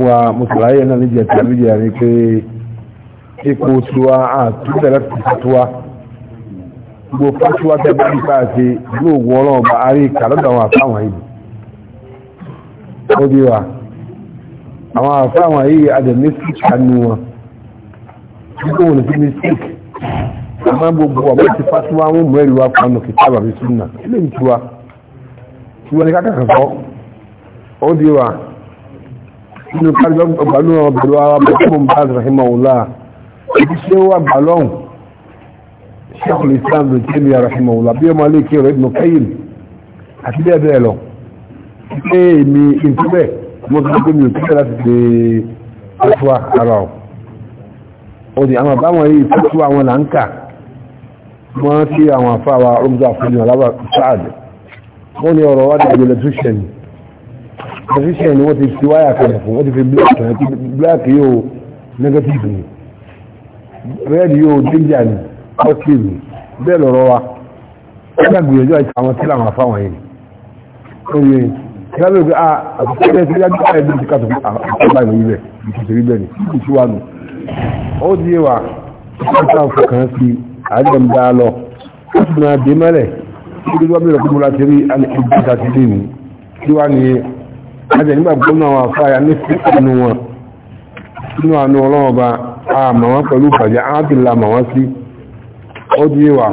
fún wa mùsùlùmáyé náà níjẹ̀ tàbí jẹ́ rí pé ipò tiwa àtúntẹ̀ láti fatuwa gbogbo fatuwa tẹ́ bá nípa àti yóò wọ ọlọ́run bá arí kàlọ́dọ̀ àwọn àfáwọn yìí ó bí wa àwọn àfáwọn yìí adẹ̀ mistake kanú wọn nígbà wọn ti mistake àmọ́ gbogbo àwọn ti fatuwa wọn mú ẹ̀rí wa pàánù kìtàbà bí súnà ilé ìtura tiwọn ni kákàkọ́ ó bí wa nínú kájọ gbàlú ọ̀rọ̀ pẹ̀lú ara bẹ̀rún bá rahimah ọ̀la ibi tí ó wà gbàlọ́hùn sheikh islam ló ti ní rahimah ọ̀la bí ọmọ alẹ́ kẹrọ ibn qayyim àti bẹ́ẹ̀ bẹ́ẹ̀ lọ pé èmi ìtúbẹ̀ mo ti gbé mi ò kíkẹ́ láti ṣe fatuwa ara ọ̀ ó di àwọn àbáwọn yìí fatuwa àwọn là ń kà wọ́n ti àwọn afáwa rúbùdó àfojì alábà sáàdì wọ́n ní ọ̀rọ̀ wá position ni wọ́n ti fi wáyà kalẹ̀ fún wọ́n ti fi black kan black yóò negative ni red yóò danger ni positive ni bẹ́ẹ̀ lọ́rọ́ wa wọ́n yà gbìyànjú àti àwọn tí làwọn afáwọn yìí oye kílábẹ̀ pé ah àtúntò ẹgbẹ́ tí yájú báyìí bí kíkà tó fi àbá ìlú rẹ̀ ìtòsí rí bẹ́ẹ̀ ni kí kì í wà nù ó di yé wa wọ́n ti àwọn fọkàn sí àjọm dá lọ wọ́n ti bìnrin àdé mẹ́lẹ̀ kí ló wá bẹ̀rẹ̀ kúmọ́lá ti dé mi kí ajẹ́ nígbà gbọ́nà àwọn afáyà ní fífànú wọn nínú àánú ọlọ́wọ́ bá àmà wọn pẹ̀lú ìbàjẹ́ ábìlà mà wọ́n sí ó di wà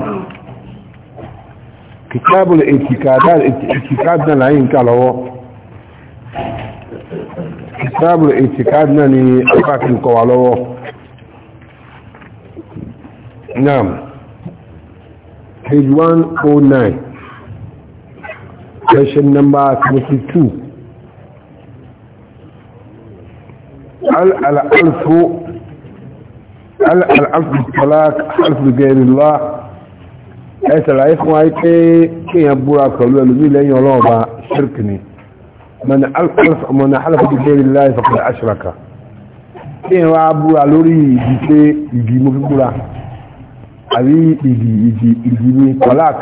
kìtàbùlù ètìkádà láyé nǹkan lọ́wọ́ kìtàbùlù ètìkádà ni apákin kọ wà lọ́wọ́ naam page 109 question number 22 الألف الألف بالطلاق حلف بغير الله ẹ̀sẹ̀ láyé fún wáyé pé kí èyàn búra pẹ̀lú ẹlùmí lẹ́yìn ọlọ́ọ̀bá ṣírkì ni mọ̀nà hálàfà bí bẹ́ẹ̀rẹ̀ láyé fàkàlẹ̀ aṣíraka kí èyàn wá búra lórí ìdí pé ìdí mú fi búra àbí ìdí ìdí ìdí ní tọ́lák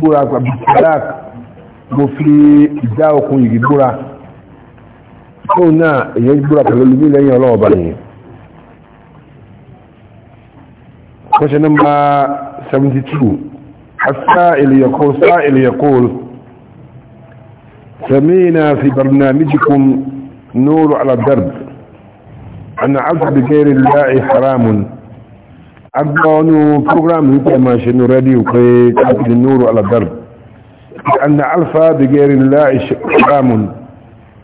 búra pẹ̀lú tọ́lák mo fi ìdá okun ìdí búra fóun náà èyàn gbúra pẹ̀lú olùmí lẹ́yìn ọlọ́ọ̀bá nìyẹn question number 72 السائل يقول سائل يقول سمينا في برنامجكم نور على الدرب أن عبد بغير الله حرام agbọ́nú program yìí tẹ́ máa ṣe ní rẹ́díò pé káàkiri nóòrò aladar an na alfa bigeri láì ṣe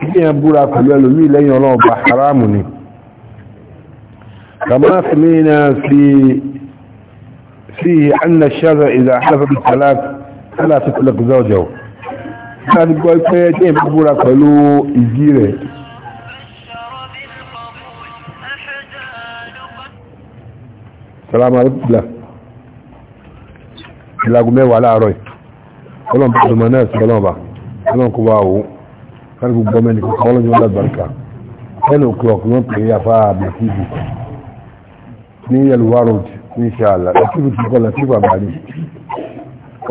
kí ẹ búra pẹ̀lú ẹlòmí lẹ́yìn ọlọ́ọ̀bà haramu ni kàmá sàmìnà sí sí anna ṣára ìdá halafabi talat talat talat zọ́jọ́ láti gbọ́ pé jẹ́ ìbúra pẹ̀lú ìdí rẹ̀ salamu alaikum bila ilagun mẹ́wàá láàárọ̀ ọlọ́mọba ọlọ́mọba ọlọ́mọba ọlọ́mọba kan gbogbo ọmọ ẹnìkan kọ́ lọ́jọ́ lágbàríkà ten o'clock wọ́n pè é afá abẹ́síbù ní yẹlùwá road ní sàlà lásìkò tí kọ́ lásìkò àbáyé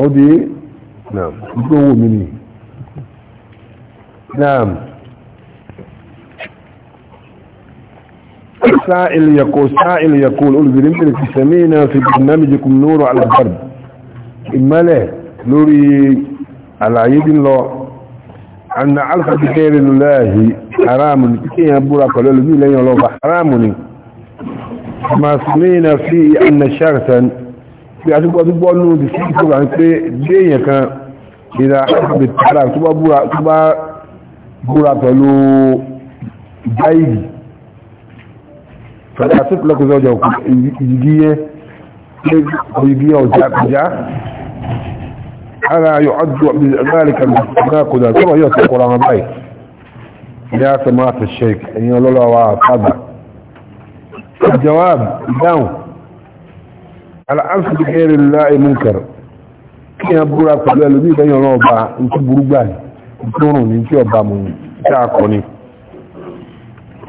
ó di ìgbó owó mi nìyí سائل يقول سائل يقول قل برمتلك سمينا في برنامجكم نور على الضرب إما لا نوري على يد الله أن علف بخير الله حرام كي يبورا قالوا لي لن يلوف حرام ما سمينا فيه أن شرطا بيعتبوا أتبوا أنه بسيطة عن كي دين كان إذا علف بالتحرام تبا بورا تبا بورا قالوا جايدي فلا تطلق زوجه يجيه يجيه وجاء ألا يعد ذلك المتناقض كما يتقر عن باي يا سماعة الشيخ أن يقول له وقضى الجواب داو الأصل بخير الله منكر kí ẹ búra pẹ̀lú ẹlòmí ìdẹ́yìn ọ̀rọ̀ ọba nkú burú gbà ní ìtòrùn ní tí ọba mú tí a kọ ni.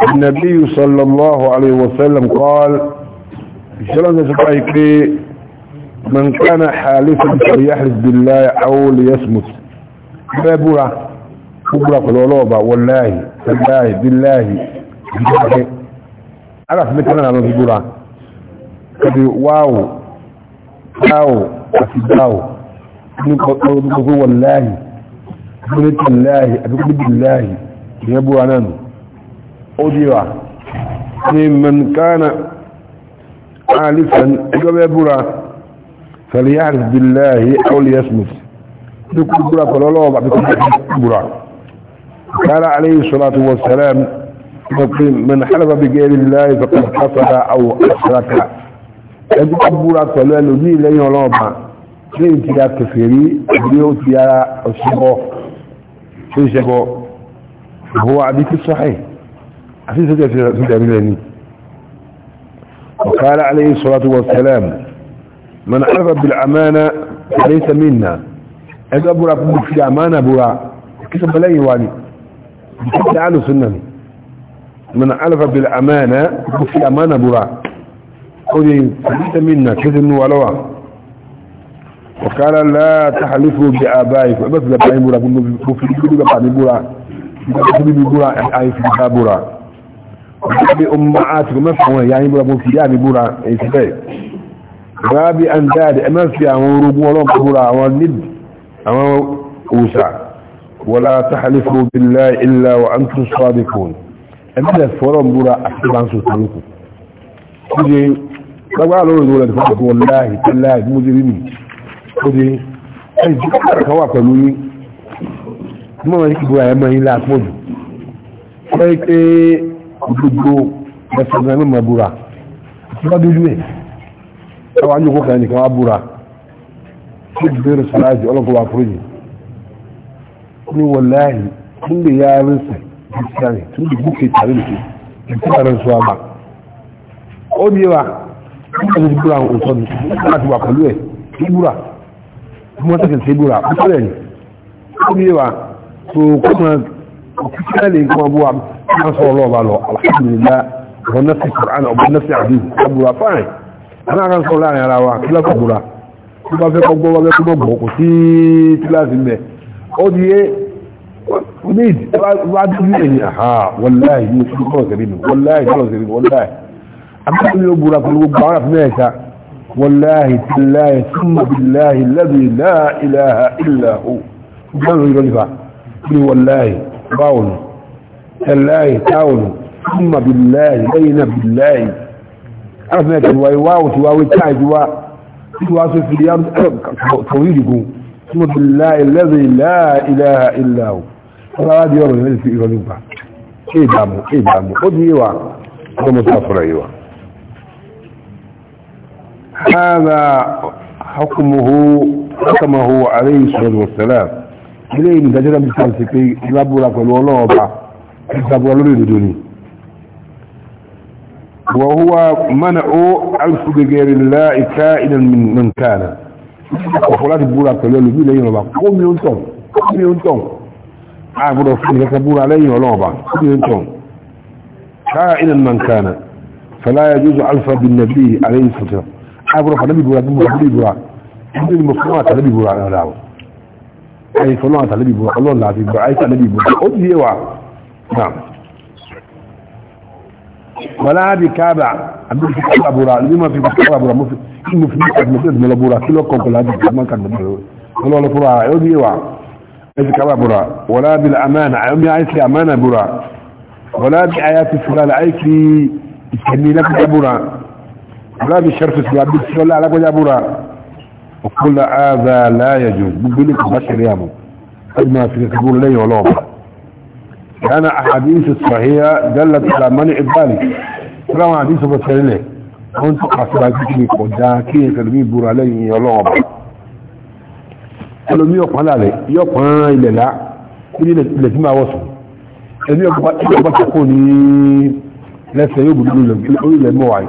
النبي صلى الله عليه وسلم قال ìṣẹ́lọ́nà sọ́pá ìpé من كان حالفا فليحلف بالله او ليصمت بابورا كبرى قلوبا والله بالله بالله عرف مثلا على الزبورا كبير واو واو أفداو نقول والله بنت الله أقول بالله يبو عنان أديرا من كان حالفا يبو عنان فليعرف بالله او ليسمس ذكر البراك ولا لا وضع بكم قال عليه الصلاة والسلام من حلف بغير الله فقد قصد او اشرك ذكر البراك ولا نزيل لين ولا وضع لين تلا كفيري بريو تلا الصبح في شبه هو عديك الصحيح عفيسة جاء في دعمي وقال عليه الصلاة والسلام من عرف بالأمانة فليس منا إذا برا في أمانة برا كسب بلاي واني تعالوا سنني من عرف بالأمانة في أمانة برا قولي فليس منا كسب ولوا وقال لا تحلفوا بآبائكم بس لبعين برا بفلسل ببعض برا بفلسل برا أي في برا بأمعاتكم مفهوم يعني برا بفلسل برا إيه báàbí àndáàdì ẹmẹ́fì àwọn orogún ọlọ́pàá àwọn níbi àwọn òòsà wọlá tàhálífò bílá ilá wa an tún sọ́dífòn ẹmẹ́lẹ̀ fọ́rọ̀ múra àtìbánsù tàlùkù kúje gbágbá lórí lórí ẹ̀dẹ̀fọ́ pẹ̀lú wọláhì tẹ́láhì mú jẹ́ rímì kúje ẹni tí kọ́kọ́ kan wà pẹ̀lú yín mọ́ wọn kí bóra ẹmọ yín láàpọ̀ jù kọ́ ẹ pé gbogbo ẹ̀fọ́ àwọn àjòkó kan nìkan wá búra tí bẹ̀rẹ̀ sàlájì ọlọ́kọ̀ wà fúrújì ní wọláhì tún lè yá rinsa ìsìlámi tún lè búkè tàbí lùkè ìtí àrùn sọ àbá ó ní wa wọ́n ti búra òun sọ́dún láti wà pẹ̀lú ẹ̀ tí búra tí wọ́n tẹ̀sẹ̀ sí búra ó sọ́dẹ̀ ni ó ní wa tó kọ́mọ òkúta lè kọ́mọ búwa wọ́n sọ ọlọ́ọ̀bá lọ alhamdulillah wọ́n náà sì kọ̀rọ̀ àná ọ̀bọ̀n náà sì àdúgbò àbúrò fáìn àwọn kan sọ láàrin ara wa kílá kọ̀gbọ́ra tó bá fẹ́ kọgbọ́ wá fẹ́ kọ́ mọ̀ kò sí kíláàsì mẹ́ ó di yé need wá dúdú èyí àhá wọláì ní oṣù kọ́ ọ̀sẹ̀ nínú wọláì kọ́ ọ̀sẹ̀ nínú wọláì àbúkọ́ ní ó búra pẹ̀lú gbogbo àwọn àfihàn ẹ̀ka wọláì tìláì súnmọ́ bíláì lẹ́bi náà ìlàhà ìlàhù gbọ́n lórí lọ́jọ́ ní wọláì báwọn tẹ̀láì táwọn súnmọ́ bíláì lẹ́yìn náà bíláì arsenal ti wá ìwá òtí wá wí táì ti wá tí wá sí fi kàwé ìdìgún tí mo ti láì lẹ́sẹ̀ ìlà ìlà ò di ọ̀rọ̀ ìrìn ìrọ̀lú gbà ìdààmú ìdààmú ó di ìwà ọmọ mo sá ìwà هذا حكمه حكمه عليه الصلاة والسلام إليه مدجرة بسالسكي يلابو لك الولوبة يلابو لك الدنيا وهو منع ألف غير الله كائنا من من كان وفلات بورا كلو لبي لين وبا قوم ينتم قوم ينتم عبر فين كبورا لين ولا وبا قوم ينتم كائنا من كان فلا يجوز ألف بالنبي عليه الصلاة والسلام عبر فنبي بورا بورا بورا عندي المفهومات نبي بورا على العو أي فلان النبي بورا الله لا تبي أي النبي بورا أدي نعم ولا بكابع عبد الفتاح ابورا لما في بكابع ابورا مفي مفي مفي ملا بورا كيلو كوكولا دي ما كان مدير ولا ولا بورا يودي وا ولا بالامانه عم عايز لي امانه بورا ولا بآيات السلال عايز لي يسمي لك ابورا ولا بالشرف السلال بالسلال على وجه ابورا وكل هذا لا يجوز بقول لك بشر يا ابو ما في كبور لي ولا كان أحاديث الصحية دلت على منع ذلك فلما حديث بسرله كنت قصراتك من كي تلمي بور عليه يلعب قالوا يقال عليه يقال إلى لا كل التي ما وصل أن يقبل تقولي لا سيبدو إلى الموعي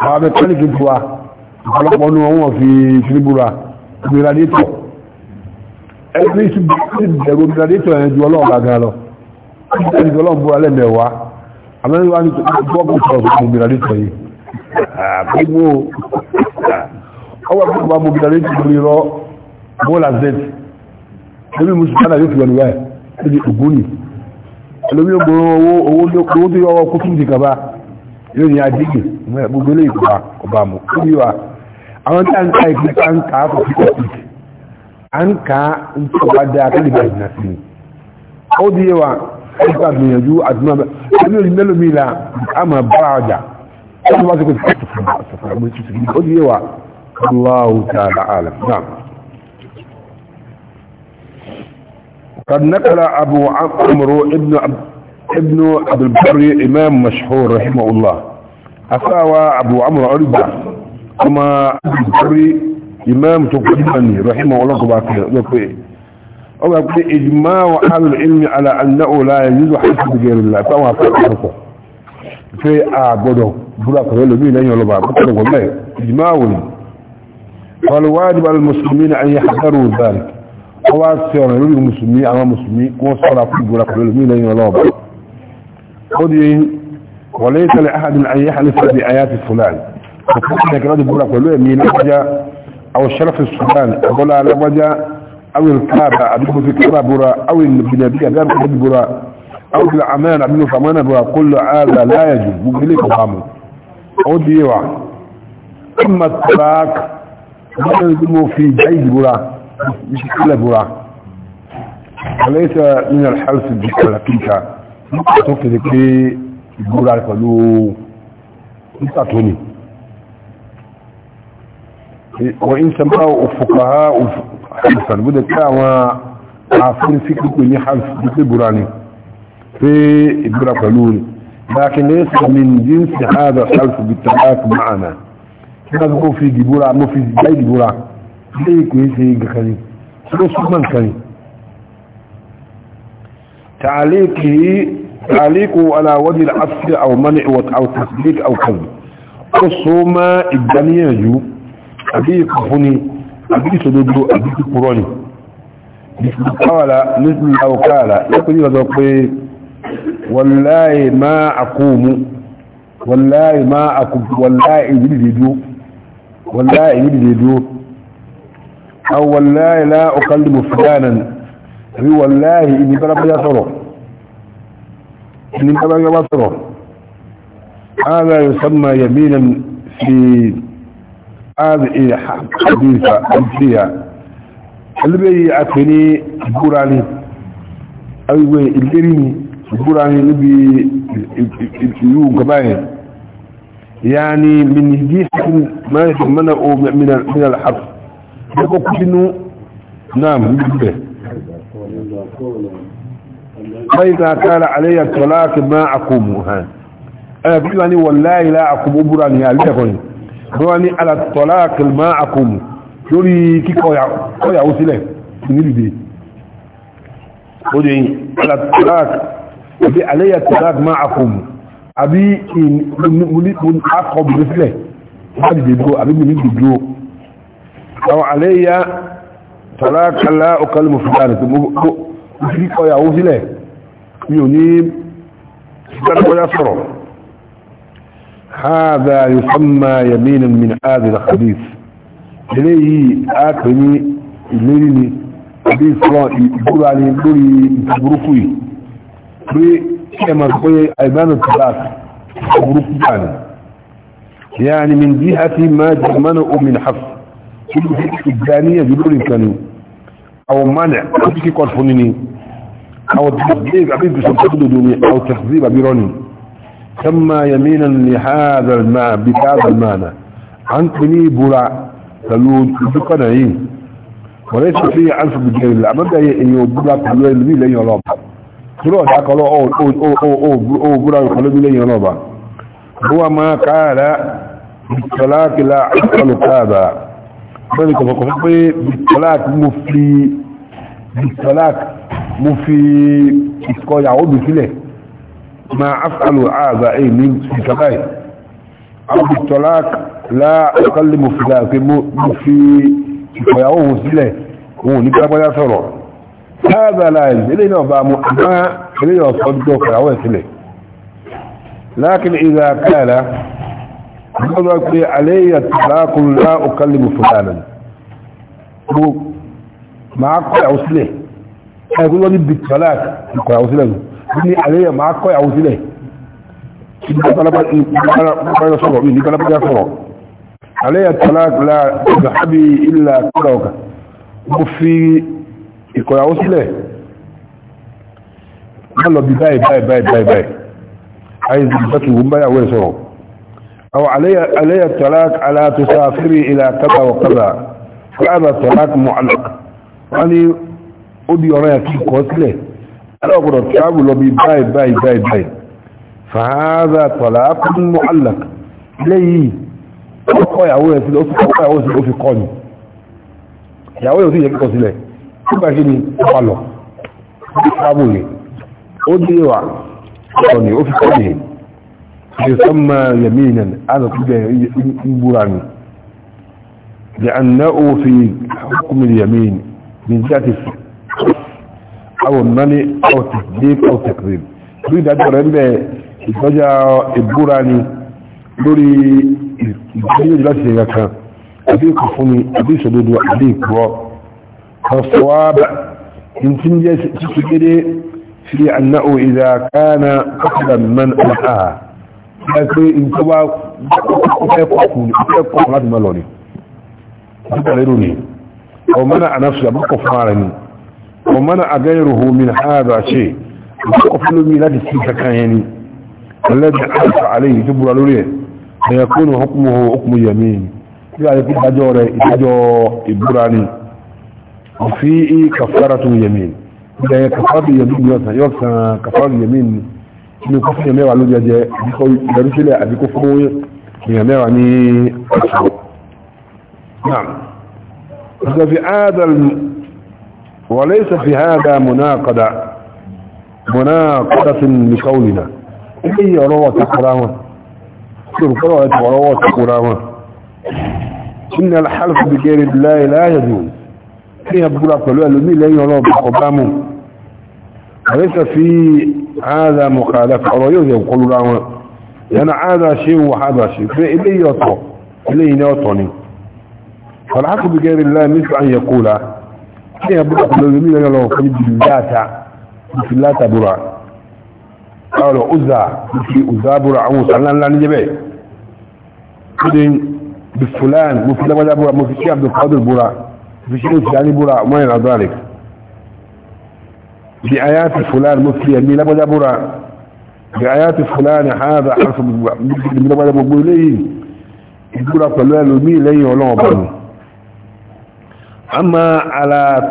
هذا كان كنتوا خلق أنه هو في في براديتو ẹgbẹ́ ìṣubú ìdẹ̀rù ìdẹ̀rù ìdẹ̀rù ìdẹ̀rù ọlọ́ọ̀gá gan lọ ẹni tó lọ́nbọ̀ alẹ́mẹ̀wá amẹ́rin wá ní bọ́ọ̀bù sọ̀rọ̀ fún mobile radio yìí àpéwò ọwọ́ àpéwò bá mobile radio lórí rọ bọ́ọ̀lù azet ẹbí mùsùlùmí náà yóò fi wọlé wáyé ẹbí ògúnì ẹlòmí ògbòrò owó owó owó tó yọ ọwọ́ kó tún di kaba yóò ní adígbè gbogbo ilé ìkọba ọba mu ó bí wa àwọn tí a ń ka ìpín tá a ń kà á fòfin topic à ń kà á ń tó bá dáa kí lè bá ìdìnnà sí ni ó di wa nípa gbìyànjú àdúrà ẹlòmí mélòmí la a máa bá ọjà wọ́n bá ti kò tó fún àtàkùn àmì tuntun ní ó di yé wa Allahu ta'ala alam naam قد نقل أبو عمرو ابن ابن عبد البر إمام مشهور رحمه الله أفاوى أبو عمرو عربة كما عبد البر إمام تقدمني رحمه الله كباكي ọgbà pé ìjìmá wa alùl ilmi ala annáwó láyé yíò hajji gẹ̀rẹ̀ látàwọn akẹ́kọ̀ọ́ pé a gbọ́dọ̀ búra pẹ̀lú lómi lẹ́yìn ọlọ́ba bọ́kọ̀dọ̀ wọ́n mẹ́rin ìjìmá wò ní falwájú bá musulmi na ayé hajjaro zari ọ wá sí ọ̀rọ̀ lórí musulmi àwọn musulmi wọ́n sọ́ra fún búra pẹ̀lú lómi lẹ́yìn ọlọ́ba ó di wọlé tẹ̀lé ahadin ayé halifa bi ayati fulani ọ̀pọ̀ kí ni kí wọ́n ti búra pẹ̀lú ẹ̀mí lọ́gbọ́já àwọn sharafin sudan abọ́lá lọ́gbọ́já او الكعبة ابنه في كتاب برا او النبي ابنه في برا او في العمان ابنه في عمان برا كل هذا لا يجوز مجلك وقامه او ديوع اما الطلاق يجب في جيد برا مش كله برا وليس من الحرس الحقيقة تفضل ذكي برا يقولوا يتعطوني وإن سمعوا الفقهاء hafsan bó de pé àwọn àfúnisí pípé ní hafsan pípé búra ni pé ìbúra pẹ̀lú ni lakin lè sọ mi jí ń sì hádà hafsan bí tàbáàkì máàna kí wọ́n kó fi ìdìbúra mo fi já ìdìbúra ilé ìkò yìí ṣe gàkan ni tí ó súnmọ́ nǹkan ni تعليقه على وجه العصر او منع او تسليك او كذب قصوا ما الدنيا جو أبيك فني àbí ìṣòdodo àbí kíkúrọ́ ni ìfìkàwàlá nítorí àwòkàwàlá lẹ́kùn yíò sọ pé wàláì máa àkóòmù wàláì máa àkóòmù wàláì ìdídìdó wàláì ìdídìdó aw wàláì la ukallimu fulanan àbí wàláì ìní bára sọ̀rọ̀ ìní bára sọ̀rọ̀ هذا يسمى يمينا في هذه حديثة أمثية البي أتني براني أيوة الجريمي براني البي يوم كباين يعني من جهة ما يتمنعه من من الحرف يقول كنه نعم به فإذا كان علي الطلاق ما أقومها أنا بلاني والله لا أقوم براني أليكني wọ́n ní alàtọ̀lá kìlmá àkùnmù lórí kíkọ̀yàwó sílẹ̀ nílùdé ó dé alàtọ̀lá àbí aléyàtọ̀lá má àkùnmù àbí akọ̀bìnrin sílẹ̀ nílùdé àbí nílùdé àwọn aléyàtọ̀lá kàlá ọkàlùmù fìdánì tó mú هذا يسمى يمينا من هذا الحديث إليه آكرني إليني حديث الله يقول عليه يقولي تبركوي في كما تقول أيضان الثلاث تبركوان يعني. يعني من جهة ما جمنعوا من حفظ كل ذلك الجانية يقول كان أو منع أبيك قرفنني أو تحذيب أبيك سبتبدو دوني أو تحذيب أبيروني كما يمينا لهذا الماء بهذا المعنى عنقني برع تلود بقنعين وليس فيه عرف بالجيل لا مدى يبرع تلوه لبي لن يلوب تلوه ذاك الله او او او او برع يخلو بي لن يلوب هو ما قال بالطلاق لا عقل كابا ذلك فقفه بالطلاق مفي بالطلاق مفي اسكو يعود بسله ما أفعل هذا أي من كباي أو بالطلاق لا أكلم في ذلك في فيعوه سلاه هو نكتب يا سرع هذا لا يلزم إلينا بأمو أما إلينا صدقه فيعوه سلاه لكن إذا قال نظرك علي الطلاق لا أكلم فلانا معك قرع سلاه يقول لي بالطلاق قرع سلاه ní àríyàn máa kọ́ ìyàwó sílẹ̀ ní galabajá sọ̀rọ̀ àríyàn tọ́lágbà ìgbàhábí ilẹ̀ kọ́dà ọ̀gá mo fi ìkọ̀yàwó sílẹ̀ wọ́n lọ bí báyìí báyìí báyìí báyìí àìsí bá kí wọ́n báyàwó ẹ̀ sọ̀rọ̀ أو علي علي الطلاق على تسافري إلى كذا وكذا فهذا الطلاق معلق يعني أدي رأيك قتله alọ́gbọ̀dọ̀ tíráàbù lọ bí báyìí báyìí báyìí báyìí fàáza tọ̀lá kún mọ́ alàk léyìí ọkọ̀ ìyàwó rẹ̀ sílẹ̀ ó fi kọ́ ìyàwó sílẹ̀ ó fi kọ́ ni ìyàwó rẹ̀ ó sì yẹ kíkọ sílẹ̀ nígbà kí ni لأنه في حكم اليمين من ذات او النني او تكذيب او تكذيب تريد ادبر ان بجا البوراني لوري الجيل جلسي يكا ابيك فوني ابي سدود وابيك و فالصواب ان تنجي تسجدي في انه اذا كان قتلا من الها ẹgbẹ́ ìjọba ọ̀pẹ́kọ̀ọ̀kùn láti mọ́ lọ ni ọmọ náà ànáṣù àbúkọ̀ fún ara ni ومن غيره من هذا شيء وقفل من هذا الشيء كان الذي حرص عليه جبر لوريه فيكون حكمه حكم يمين يعني في حجورة إجو إبراني وفيه كفارة يمين إذا كفارة يمين يوسا يوسا كفارة يمين إنه كفر يمين وعلو جاجة يرسل أبي كفر يمين نعم هذا في هذا وليس في هذا مناقضة مناقضة لقولنا اي يروى تقراما تذكروا يروى تقراما إن الحلف بغير الله لا يجوز فيها بقول أقلوا ألمي لا يروى بقبامه وليس في هذا مخالف أرأيه يقول لهم لأن هذا شيء وهذا شيء فإليه يطلق إليه يطلق فالحلف بغير الله مثل أن يقول sai ya buɗe kullum ne ga lawan kan billata billata bura qala uzza bi uzza bura an sallan lan jabe kudin bi fulan mu fulan wala bura mu fi abdul qadir bura fi shi fulani bura ma yana dalik bi ayat fulan mu fi mi la wala bura bi أما على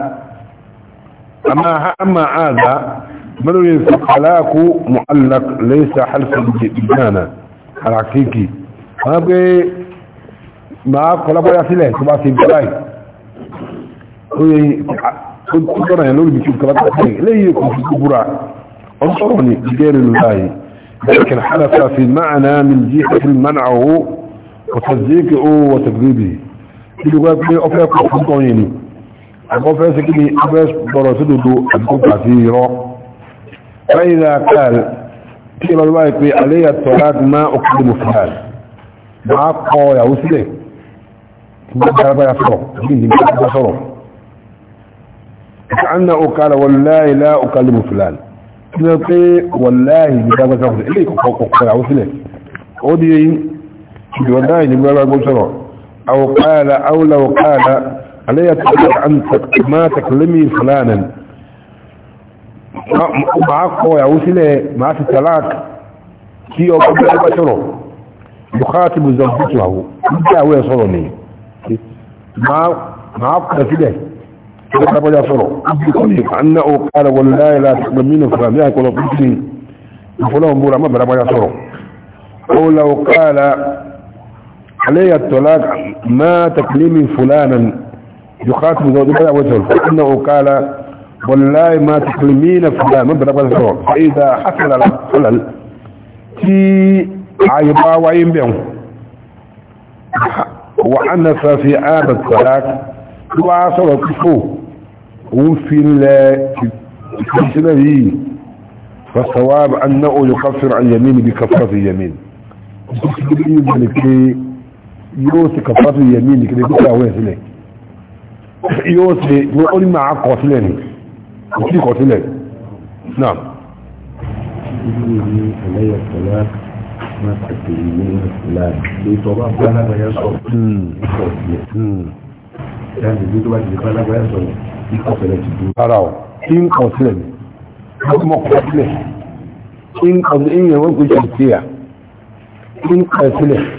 أما أما هذا من فلاك معلق ليس حلف بالجنة على حقيقي ما بي ما أقول يا سيله تبع سي هو وي كنت ترى لو بيكون كلام ليه يكون في كبرى انصروني غير الله لكن حلف في المعنى من جهة منعه وتصديقه وتكذيبه kí ló wá pé ọfẹ́ kọ̀ fún tọ́ yìí ni àkọ́fẹ́ sí kí ni ọfẹ́ bọ̀rọ̀ sí dodo àdúgbà sí irọ́ lẹ́yìn náà káàl kí ló wá pé àléyà tọ́ láti má òkúlé mo fàáàl máa kọ ìyàwó sílẹ̀ kí wọ́n dára báyà sọ̀rọ̀ kí ni kí wọ́n sọ̀rọ̀ kàánà òkàlà أو قال أو لو قال علي تقول عن ما تكلمي فلانا معك قوي عوسلة مع ستلاك كي أقول بشره يخاطب زوجته إنت هو يصرني ما ما في ده معك كده يخاطب يصره أنه قال والله لا تكلمين فلانا يقول فلان بولا ما بلا يصره أو لو قال علي الطلاق ما تكلمي فلانا يخاطب زوجها وجه فإنه قال والله ما تكلمين فلانا من بلا وجه فإذا حصل الحلل في عيبا وعين بهم في هذا الطلاق تواصل كفوه وفي الله فالصواب أنه يكفر عن يمين بكفرة يمين yóò ṣe kàfàtù yẹmí ní kíkẹ́ kíkẹ́ àwẹ̀ sílẹ̀ yóò ṣe ní ó ní máa kọ sílẹ̀ ní kò sí kọ sílẹ̀ náà. ìdílé ní ẹlẹ́yà sọlá máa tètè ní ìlà ètò ọba bá alágbàyà sọ ìkọ̀ sílẹ̀ láti ní tó bá ti di bá alágbàyà sọ ìkọ̀ sílẹ̀ ti dúró. ara o kí n kọ sílẹ̀ ní ọmọ kọ sílẹ̀ kí n kọ sílẹ̀ ìyẹn wọ́n kò ṣe ìṣe à kí n kọ sílẹ̀.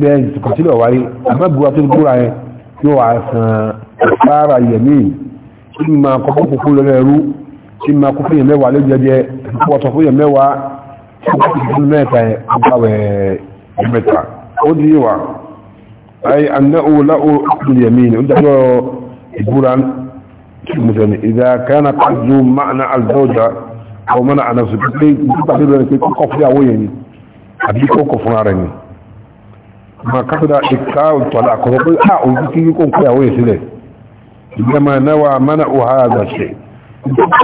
bẹ́ẹ̀ ìtìkọ̀sílẹ̀ wáyé àbẹ́bùwá tó gbúra ẹ yóò wá san sára yẹ̀mí tí ma kọ́kọ́ kókó lọ́rẹ̀ ẹrú tí ma kó fún yẹ̀mẹ́wàá ló jẹjẹ pọ̀tọ̀ fún yẹ̀mẹ́wàá tí ó kọ́kọ́ fún mẹ́ta ẹ gbáwẹ̀ ẹ̀mẹ́ta ó di wà ayé aná owó láwó ọkùnrin yẹ̀mí ni ó dájọ́ ìgbúra mùsùlùmí ìdá kẹ́nà kájú máàna alzọ́jà àwọn mọ́nà ànàfẹ́ pé kọ́kọ́ fún yàwó yẹn àbí kọ́kọ́ fún ara ni ما أن إكاء الطلاق وقل ها أولئك يكون كيا ويسلي إنما نوى منع هذا الشيء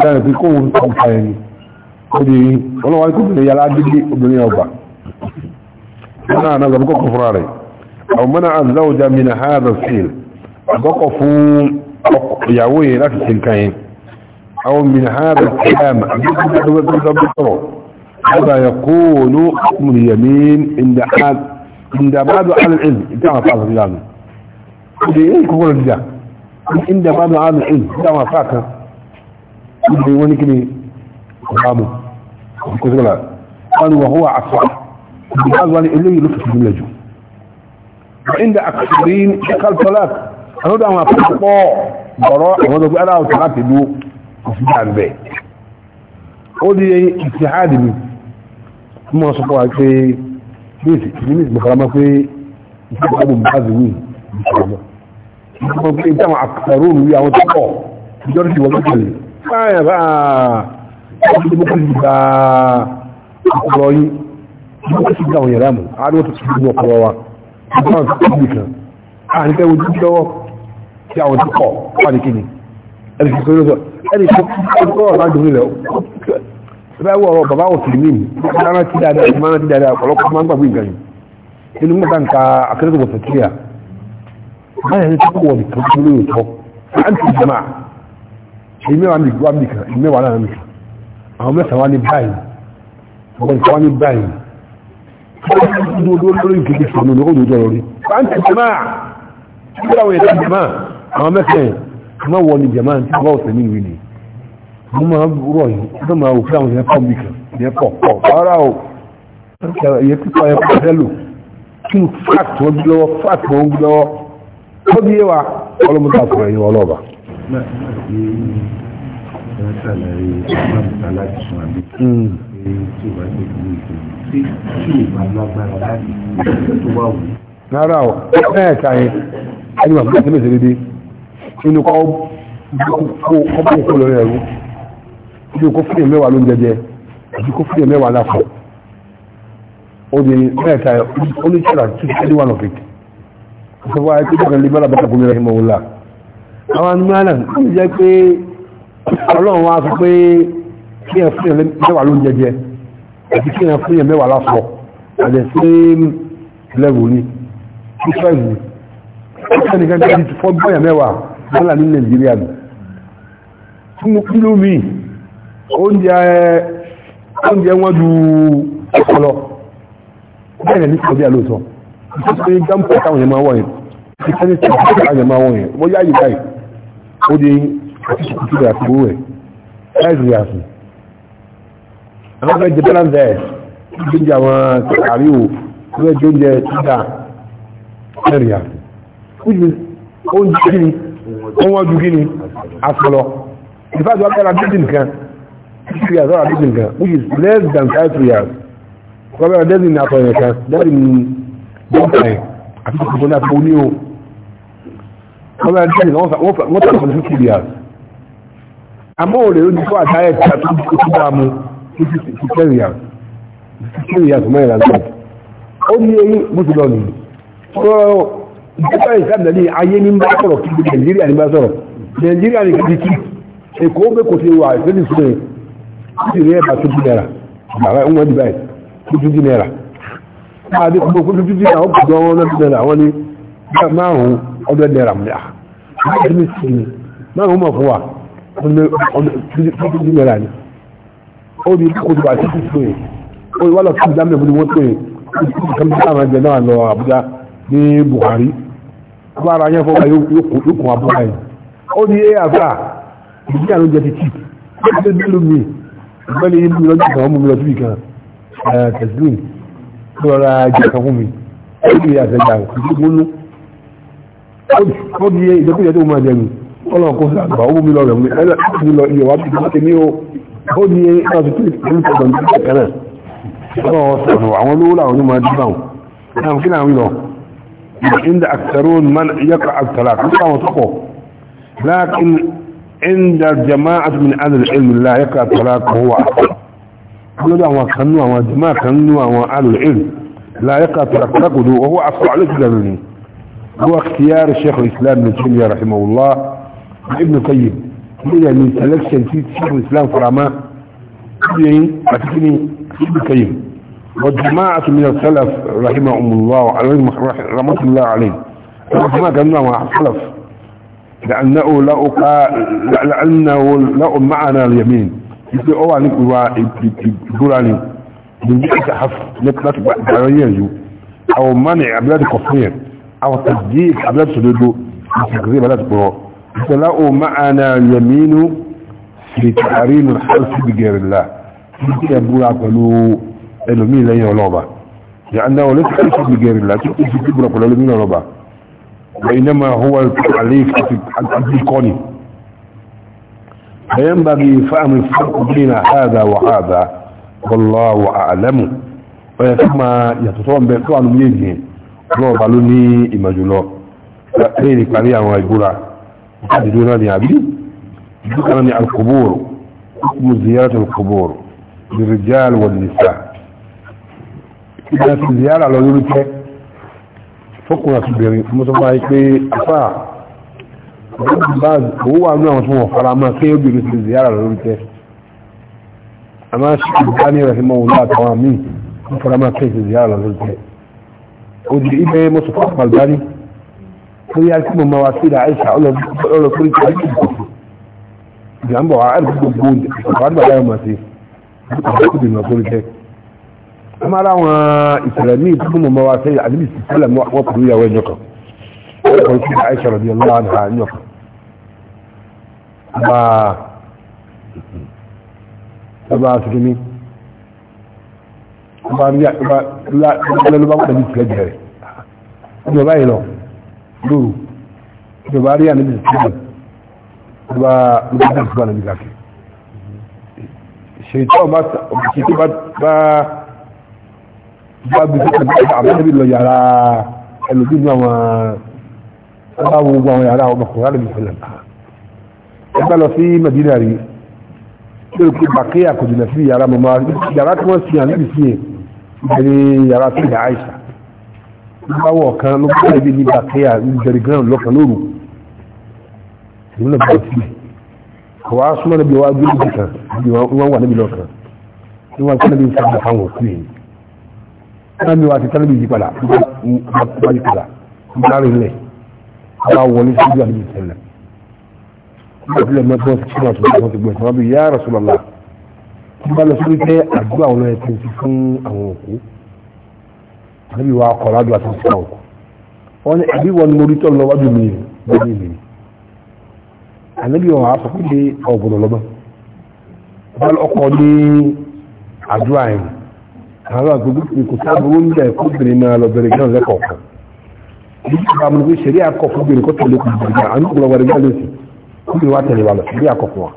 كان في كون كون كياني ودي ولو عليكم من يلعب بي وبني أوبا أنا أنا بقى كفراري أو منع الزوجة من هذا الشيء وقفوا يعوي نفس الكيان أو من هذا الكلام هذا يكون حكم اليمين عند حد inda ba'du ahli al-ilm ita ma fa'a da yake kuma da inda ba'du ahli ilm ita ma fa'a kan da wani kine babu ko zala an wa huwa asah da azwani ilmi lutu jumla inda aktharin kal ndị an da ma fa'a ko boro àwọn do ara du be o di mi mo so ko basic minutes mọ̀kànlá pé ìṣẹ́jú ọgbọ̀n báàzì wí ìṣẹ́jú ọgbọ̀n pé ìtàwọn àkàrò òwúrí àwọn tó pọ̀ majority wọn tó tẹ̀lé fáyà bá àwọn democracy gba ọ̀pọ̀lọ́ yìí democracy gba àwọn yàrá mọ̀ àríwọ̀ tó tẹ̀lé ọ̀pọ̀lọ́ wa ìjọba àwọn tó tẹ̀lé kan àní kẹ́ ojú lọ́wọ́ kí àwọn tó pọ̀ wà ní ẹni tó tẹ̀lé ọ̀pọ̀lọ́ bá wọ ọ̀rọ̀ bàbá òsìlímìn máa ti dáadáa máa ti dáadáa ọ̀pọ̀lọpọ̀ máa ń gbàgbé nǹkan yìí nínú mọ́ta nǹka akérèdọ́gbọ̀ sọ̀tíríà báyà ní tó wọ̀ nìkan tó lóyè tọ́ àǹtí jama èyí mẹ́wàá mi wá mi kan náà mi àwọn mẹ́ta wá ní báyìí ọ̀pọ̀ nǹkan ní báyìí wọ́n máa rọ̀ yìí wọ́n máa wò fún àwọn ẹ̀kọ́ mi kan ẹ̀kọ́ pọ̀ rárá o ẹ̀yẹ pípa ẹ̀kọ́ hello kí n fact wọ́n gbé lọ́wọ́ fact wọ́n gbé lọ́wọ́ tó bí yé wa ọlọ́mọdé àfọ̀rọ̀ ẹ̀yìn ọlọ́ọ̀bà. rárá o ẹ̀ẹ́ta yẹn ẹni wà fún ẹ̀sẹ̀ mẹ́sẹ̀ dédé inú kọ́ ọkọ̀ òkú lórí ẹ̀rú ojú kó fún yẹn mẹ́wàá ló ń jẹjẹ ojú kó fún yẹn mẹ́wàá láfọ̀ odi mẹ́ta oníṣẹ́ra two twenty one of it ọ̀sọ̀ wa ẹgbẹ́ ìjọba liberal bẹ́tà gómìnà rahim ọ̀la àwọn mẹ́rin ó jẹ́ pé ọlọ́run wa sọ pé kí yẹn fún yẹn mẹ́wàá ló ń jẹjẹ àti kí yẹn fún yẹn mẹ́wàá láfọ̀ at the same level ni two five ni ẹni kan tí fọ́ bọ́yà mẹ́wàá oúnjẹ oúnjẹ wọn ju ọlọ bẹ́ẹ̀ ní kọjá lóòótọ́ ìṣẹṣẹ gámpọ táwọn yẹn máa wọ yẹn ìṣẹṣẹ gámpọ táwọn yẹn máa wọ yẹn wọn yáyì báyìí ó di àti ṣùkùtù rẹ àti owó rẹ láìsí rẹ àti àwọn fẹẹ jẹ bẹlẹ bẹ́ẹ̀ oúnjẹ àwọn kàrí o fẹẹ jẹ oúnjẹ tíga ẹrì àti oúnjẹ kí ni wọn wọ́n ju kí ni asọlọ ìfàdùn abẹ́rẹ́ àdúgbò nìkan two years or adulting kan which is less than five years kọ́bẹ̀ ọ̀dẹ́sì ní akọ ẹ̀yẹ̀ kan dáàdì ní dọ́kítà ẹ̀ àti kòkòrò ní àtúkò ní o kọ́bẹ̀ ọ̀dẹ́sì wọ́n tàbí for fifty years àmọ́ òde ó di fún àtàyẹ̀ tí a tún ti tún bá mu fifty ten years fifty years mẹ́rin àti ọ̀dẹ́ ó ní eyín bó ti lọ nìyí tó ìjọba ìsáàbìlẹ̀ ní ayé ní bá sọ̀rọ̀ kí Nàìjíríà ní bá sọ̀rọ̀ Nàìjíríà ní kìkì Èkó bẹ́ẹ̀ kò ti wà ìfẹ́ ti rí ẹ̀bà tuntun náírà bàbá ń wọ́n di báyìí tuntun náírà máa dé kúmọ̀ kó tuntun náírà ó kù gan wọn lọ́dún náírà wọ́n ní márùn-ún ọdún náírà mú yàrá máa dé sí ni márùn-ún mọ̀ fún wa tuntun náírà ni ó di kó tó bá ti tún fún yìí ó wà lọ fún ìdámẹ́ ìbúdó wọn lọ Àbújá ní Buhari ìgbẹ́ni yìí mú mi lọ́jọ́ kan mú mi lọ́jọ́ kan tẹ̀sílìm tó rọra jẹ kan fún mi ó di àtẹ̀jà ìdí gbónú ó di ìjẹkújẹ tó máa jẹnu ọlọ́run kó sá àgbà ó mú mi lọ rẹ̀ mú mi lọ ìyẹ̀wá bí kí ni ó ó di ẹ̀ka tó tó ìpínlẹ̀ tó tọ̀nù tó kẹ́rẹ̀ ọlọ́run sọ̀nù àwọn olówó làwọn ní máa dúbà wọn kí náà ń lọ ìdí àkàrò man yẹ́ka àkàrà kí wọ́n sọ̀kọ̀ láàkín عند الجماعة من أهل العلم لا يقرأ طلاق هو قالوا هو كانوا هو جماعة كانوا هو أهل العلم لا يقرأ طلاق تقدوا وهو أصلع لك هو اختيار الشيخ الإسلام ابن تيمية رحمه الله ابن القيم. إذا من سلكشن في شيخ الإسلام فرما أتكني ابن القيم. والجماعة من السلف رحمهم الله وعليهم رحمة الله عليه ما كانوا هو السلف لأنه لأقا لأنه لأقا معنا اليمين يقول أوه عليك يقول من جهة حفظ لك لا أو منع بلاد كفرية أو تجديد بلاد سدوده تقريبا لا تقرأ يقول معنا اليمين في تحريم الحرس بغير الله يقول أقلوا ألمين لين ولوبا لأنه ليس حرس بغير الله تقول في كبرة فلألمين ولوبا بينما هو التعليف الأبديكوني فينبغي فهم الفرق بين هذا وهذا والله أعلم ويكما يتطورن بيطوع نميزين الله بالوني إمجلو فأريني كاريا ويقولا هذه دوناني عبدي ذكرني القبور حكم زيارة القبور للرجال والنساء إذا في زيارة لو يقول fọ́kùn àti bẹ̀rẹ̀ mọ́sọ́fà pé àfà ó wà ní àwọn tí wọ́n fara máa kí obìnrin sí ziyara lórí tẹ́ a máa ṣe ìgbà ní ẹ̀rẹ̀ mọ́ wùlá àtàwọn míì ń fara máa kí sí ziyara lórí tẹ́ ó di ibẹ̀ mọ́sọ́fà pàlbárí tó yá kí mo máa wá sí ìdá àìsà ọlọ́pùrí tí a kì í kọ̀ọ̀kọ̀ ìjàmbọ̀ àárẹ̀ gbogbo ìgbàgbà láyọ̀ máa ṣe mara àwọn eh, ìṣẹ̀lẹ̀ ní ìtúkú mọ̀ mọ́ wa sí àdébí ìṣẹ̀lẹ̀ wọ́n pẹ̀lú ìyàwó ẹjọ́ kan ọkọ̀ sí Aisha radiyallahu anha ní ọkọ̀ bá ọba sikini ọba ní ọba lọ́lọ́lọ́bá pẹ̀lú ìṣẹ̀lẹ̀ jẹ̀rẹ̀ ìjọba ìlọ lóru ìjọba rí àdébí ìṣẹ̀lẹ̀ ọba lọ́lọ́lọ́bá pẹ̀lú ìṣẹ̀lẹ̀ ṣètò bá bá bí sọ́kà bí ọ̀dà àbẹ́ níbi lọ yàrá ẹlòmí ní àwọn ọba gbogbo àwọn yàrá ọmọ kòrán níbi ìfẹ́lẹ̀ ẹ bá lọ sí Madina rí lórí pé bàkẹ́yà kò jìnà sí yàrá mọ́mọ́ yàrá tí wọ́n sì hàn níbi sí ìbẹ̀rẹ̀ yàrá sí ìyá Àìsà lọ́wọ́ kan ló bá ibi ní bàkẹ́yà ìjẹ̀rì gan lọ́kàn lóru ìmúlẹ̀ bá sí àwọn asúmọ́ níbi wá gbé níbi kan wọ́n wà níbi lọ́kàn wọ́n wà níbi sábà fáwọn òkú láàmì wa ti tálẹ́bì yí padà bá yí padà láàrin ilẹ̀ bá wọlé sí ìjọ àdébì tẹ́lẹ̀ nígbà tí lẹ́mọ́ tí wọ́n ti kí wọn àtúntò wọn ti gbọ́ ìtàn bí yá Rasulullah tí wọ́n lọ sórí tẹ́ àdúrà àwọn ẹ̀sìn sí fún àwọn òkú àdébì wa kọ̀ ládùn àti sí àwọn òkú wọ́n ní àbí wọn mórí tọ́ lọ wájú mi lórí mi àdébì wọn á sọ pé ọ̀gbọ̀n lọ́gbọ̀n wọ́n ọkọ̀ ní àdúrà yẹn àwọn àgbègbè tí kò sábúrú ń bẹ̀ kóbìnrin náà lọ bẹ̀rẹ̀ gán lẹ́kọ̀ọ́ kan bí bá mo ní ṣeré akọ fúnbìnrin kó tẹ̀lé kóbìnrin náà àwọn ìgbọ̀lọ̀ wẹ̀rẹ̀ gán lóṣù kóbìnrin wa tẹ̀lé wa lọ ṣeré akọ fún wa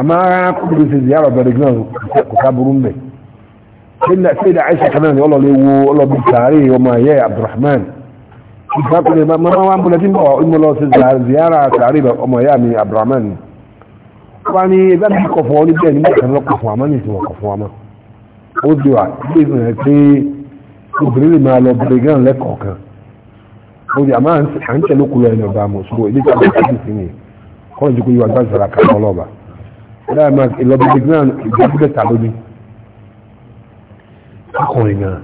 àmọ́ kóbìnrin ṣe ziyara bẹ̀rẹ̀ gán kò sábúrú ń bẹ̀ sayida aisha kanáà ni ọlọ́lẹ̀ wo ọlọ́bí sàárè ọmọ ayé abdulrahman ìfàkùnrin mama wa ń bọ̀lẹ̀ ó di wà bí ìsìn rẹ̀ pé obìnrin lè máa lọ bẹ̀rẹ̀ gán lẹ́kọ̀ọ́ kan ó di àmà à ń tẹ̀lé okùnrin ẹ̀yìn ọ̀gá àmọ̀ ṣùgbọ́n ilé ìjọba ìjọba ìsìn ni kọ́ni jù kó yíwa gbá ìsara kan ọlọ́ba láì máa lọ bẹ̀rẹ̀ gán ìjọba bẹ̀ta lónìí ọkùnrin náà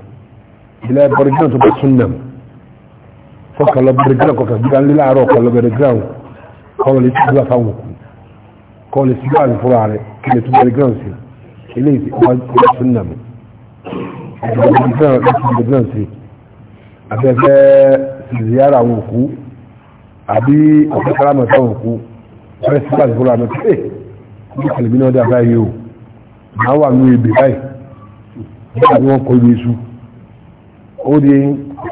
ilé bẹ̀rẹ̀ gán tó bá tún nà fọkàn lọ bẹ̀rẹ̀ gán kọkàn bí wọ́n lé láàárọ̀ kọ́ lọ bẹ̀rẹ̀ gán kọ́ lè ti gbà fáwọn òkú kọ́ lè ti gbà fúra rẹ̀ kí lè tún bẹ̀rẹ̀ gán sí i eléyìí ti wá wá tún nà mí ìgbàgbọ́n náà ló ti gbẹ̀dẹ̀ náà sí afẹ́fẹ́ ziyara àwọn òkú àbí ọ̀fẹ́fẹ́ àmọ̀tá àwọn òkú fẹ́rẹ́ sí pàṣẹ fúnra mi pé bí kàlẹ́mí náà dé abáyé o màá wà nínú ebè báyìí nígbà tí wọ́n kọ́ ibi iṣu ó di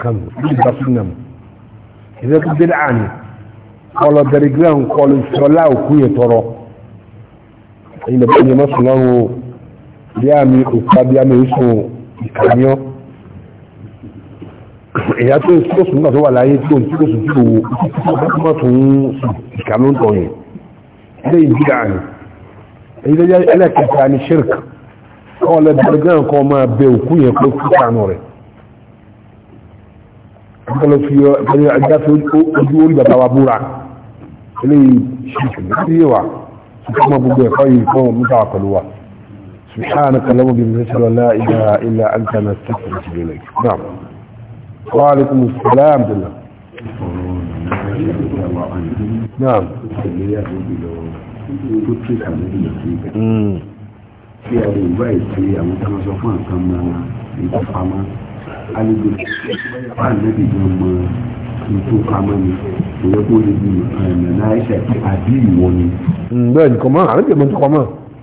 kàn ní ìgbà tún nà mí kó gbé láàánú kọlọ bẹ̀rẹ̀ gíláà ń kọlu sọlá òkú yẹn tọrọ ẹ̀yin lọ́pọ̀ ìyẹn mọ́sùn lọ́rùn o ìyá mi òkúta bí àmì orísun ìkàmíọ́ ìyá tó sọ́sùn náà tó wà láyé tó ń tí kò sùn tí kò wò ó tó tó ń ìkàmí ń tọ̀yìn ilé ìdíkà ni èyí tó jẹ́ ẹlẹ́kẹta ni shirk kọ́ lẹ́bẹ̀rẹ̀ gan kọ́ máa bẹ òkú yẹn pé kú sànù rẹ̀ ọ̀pọ̀lọpọ̀ fi ọ̀pọ̀lọpọ̀ ajá tó ojú orí bàbá wa búra ilé ìṣirk ní wà ṣùgbọ́n gbogbo ẹ̀kọ́ yìí fún mú سبحانك اللهم وبحمدك لا اله الا انت نستغفرك اليك نعم وعليكم السلام بالله نعم في أبو بيت في أبو تنصفان كما يتفهم alùpùpù wà níbi gan mọ tuntun pamọ́ ni ìrẹ́pọ̀ lè bí ẹ̀ẹ́dẹ̀ náà ṣe àbí ìwọ ni. bẹ́ẹ̀ ni kò mọ́ àrẹ́bìyàn mọ́ tó kọ́ mọ́.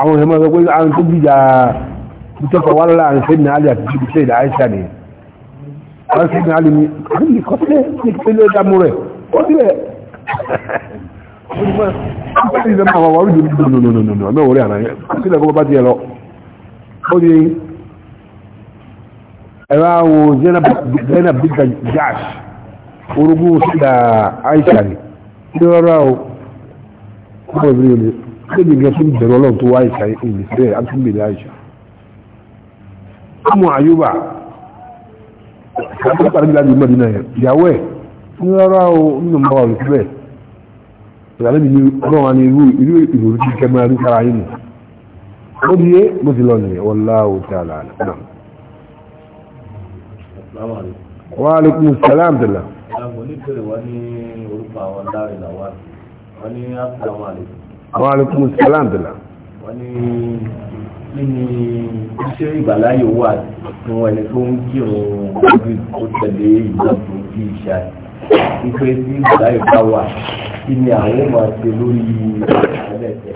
àwọn èèyàn máa sọ pé àwọn tó bí ìjà ìjọba wà láàrin sẹ́yìn alẹ́ àti jíbi sẹ́yìn àìsà ni àwọn sẹ́yìn alẹ́ ni àwọn yìí kọ́sílẹ̀ ní ìpínlẹ̀ ìdààmú rẹ̀ kọ́sílẹ̀ kọ́sílẹ̀ ìdààmú àwọn àwọn olùdíje nínú nínú nínú ọ̀nà òwúrẹ́ àná yẹn kọ́sílẹ̀ kọ́ bá tiẹ̀ lọ. ó di ẹ̀rọ àwọn ni ní ọ̀rọ̀ àwọn ọmọ ìbílẹ̀ kéde nǹkan tó ń bẹ̀rù ọlọ́run tó wá ìka ìbísẹ́ àtúnbèrè àìsà ọmọ àyùbá káàkiri pàdé láti ìmọ̀ ìdínà yẹn ìyàwó ẹ̀ ní rárá o nínú mọ́ ọ̀rọ̀ síbẹ̀ ìyàlẹ́ mi ní ọlọ́run wa ní irú irú ìròrí tí kẹ́ máa rí sára yín nù ó di yé bó ti lọ nìyẹn wallahu ta'ala a'lam. wa alaikum salam tẹ̀lá. àwọn oníbèrè wọn ní orúkọ àwọn dáre làwọn wọn ní àfúlàwọn àlejò àwọn alùpùpù sàlám dìlà. wọ́n ní kí ni iṣẹ́ ìgbàláyè wà fún ẹni tó ń kírun orí tó tẹ̀lé ìgbàgbọ́ bí ìṣá ìpè sí ìgbàláyè bá wà kí ni àwọn máa ṣe lórí ìgbàlẹ̀tẹ̀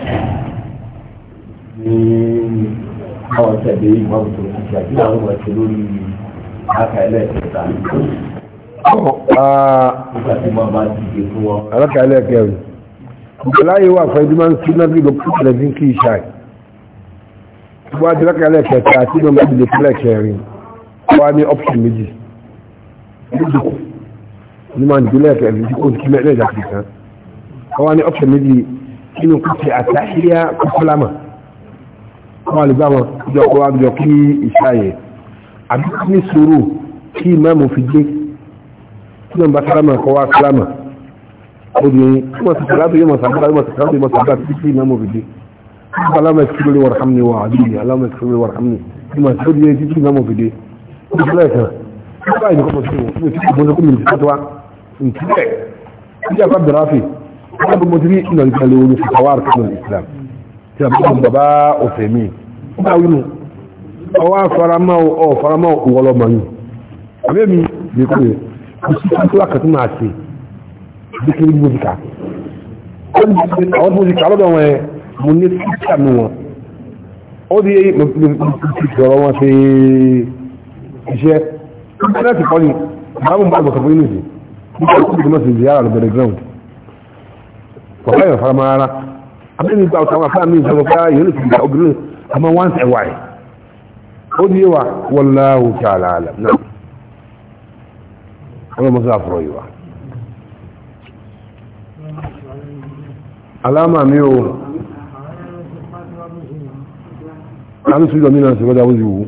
ní àwọn tẹ̀lé ìgbàgbọ́ tó ti ṣá kí ni àwọn máa ṣe lórí àkàlẹ̀kẹta. nígbà tí wọ́n bá dìde fún wọn. àkàlẹ̀kẹrin láyé wà fún ẹni máa ń sún náà nílò púpọ̀ ní kí ìṣá ẹ̀ wọ́n á dìrẹ́kẹ̀ lẹ́kẹ̀ẹ́ta àti ìlú ọmọ ìlú lẹ́kẹ̀ẹ́rin wọ́n á ní ọ́pṣìn méjì nídìkù ní máa dìbò lẹ́kẹ̀ẹ́rin tí kò ní kí mẹ́rin ẹ̀dá fi kan wọ́n á ní ọ́pṣìn méjì nínú kùtì àtàhíyá kọ́kọ́lámà wọ́n obìnrin tí wọ́n ti sàlátù yóò máa sàlátù yóò máa sàlátù yóò máa sàlátù títí ìmáàmù òfìdí aláma ìkíkiri wàrhamni wà àdìyí aláma ìkíkiri wàrhamni yóò máa sàlátù yóò títí ìmáàmù òfìdí ó ti láì kan nígbà yìí kọ́kọ́ sí wọn ní ìtìkọ́ mọ́tò kúmìlì tó wá ntílẹ̀ níjà bá bẹ̀rẹ̀ àfi wọ́n bí mo ti rí ìnà ìkàlẹ̀ wọn fi kàwá àrùn mi nígbà wínú ọwọ́ afaramá ọ̀ faramá ọ̀wọ́lọ́mọ yìí àbẹ́mi lè kúrè kò sí kí musical. musical bíkiri múzika àwọn múzika lọ́dọ̀ wọn ẹ mo ní sísà nù wọn ó di ọ̀rọ̀ wọn ṣe iṣẹ́ íńtánẹ́ẹ̀tì kọ́ ni báwo bá bọ̀ sọ̀rọ̀ nínú ìsìn nígbà tó kí wọ́n sì di ara lọ́bẹ̀rẹ̀ ground wọ́n yọ̀ fara mara abẹ́ni gba ọ̀tàwọn afẹ́ mi ìṣẹ́ ọ̀fẹ́ yóò lè fi gba obìnrin àmọ́ wọ́n ń sẹ̀wà rẹ̀ ó di wa wallahu ta'ala náà ọlọ́mọdé àfọ̀rọ̀ yìí wa alama mi o alùsùlọ mi náà sọ́dá ó yíwu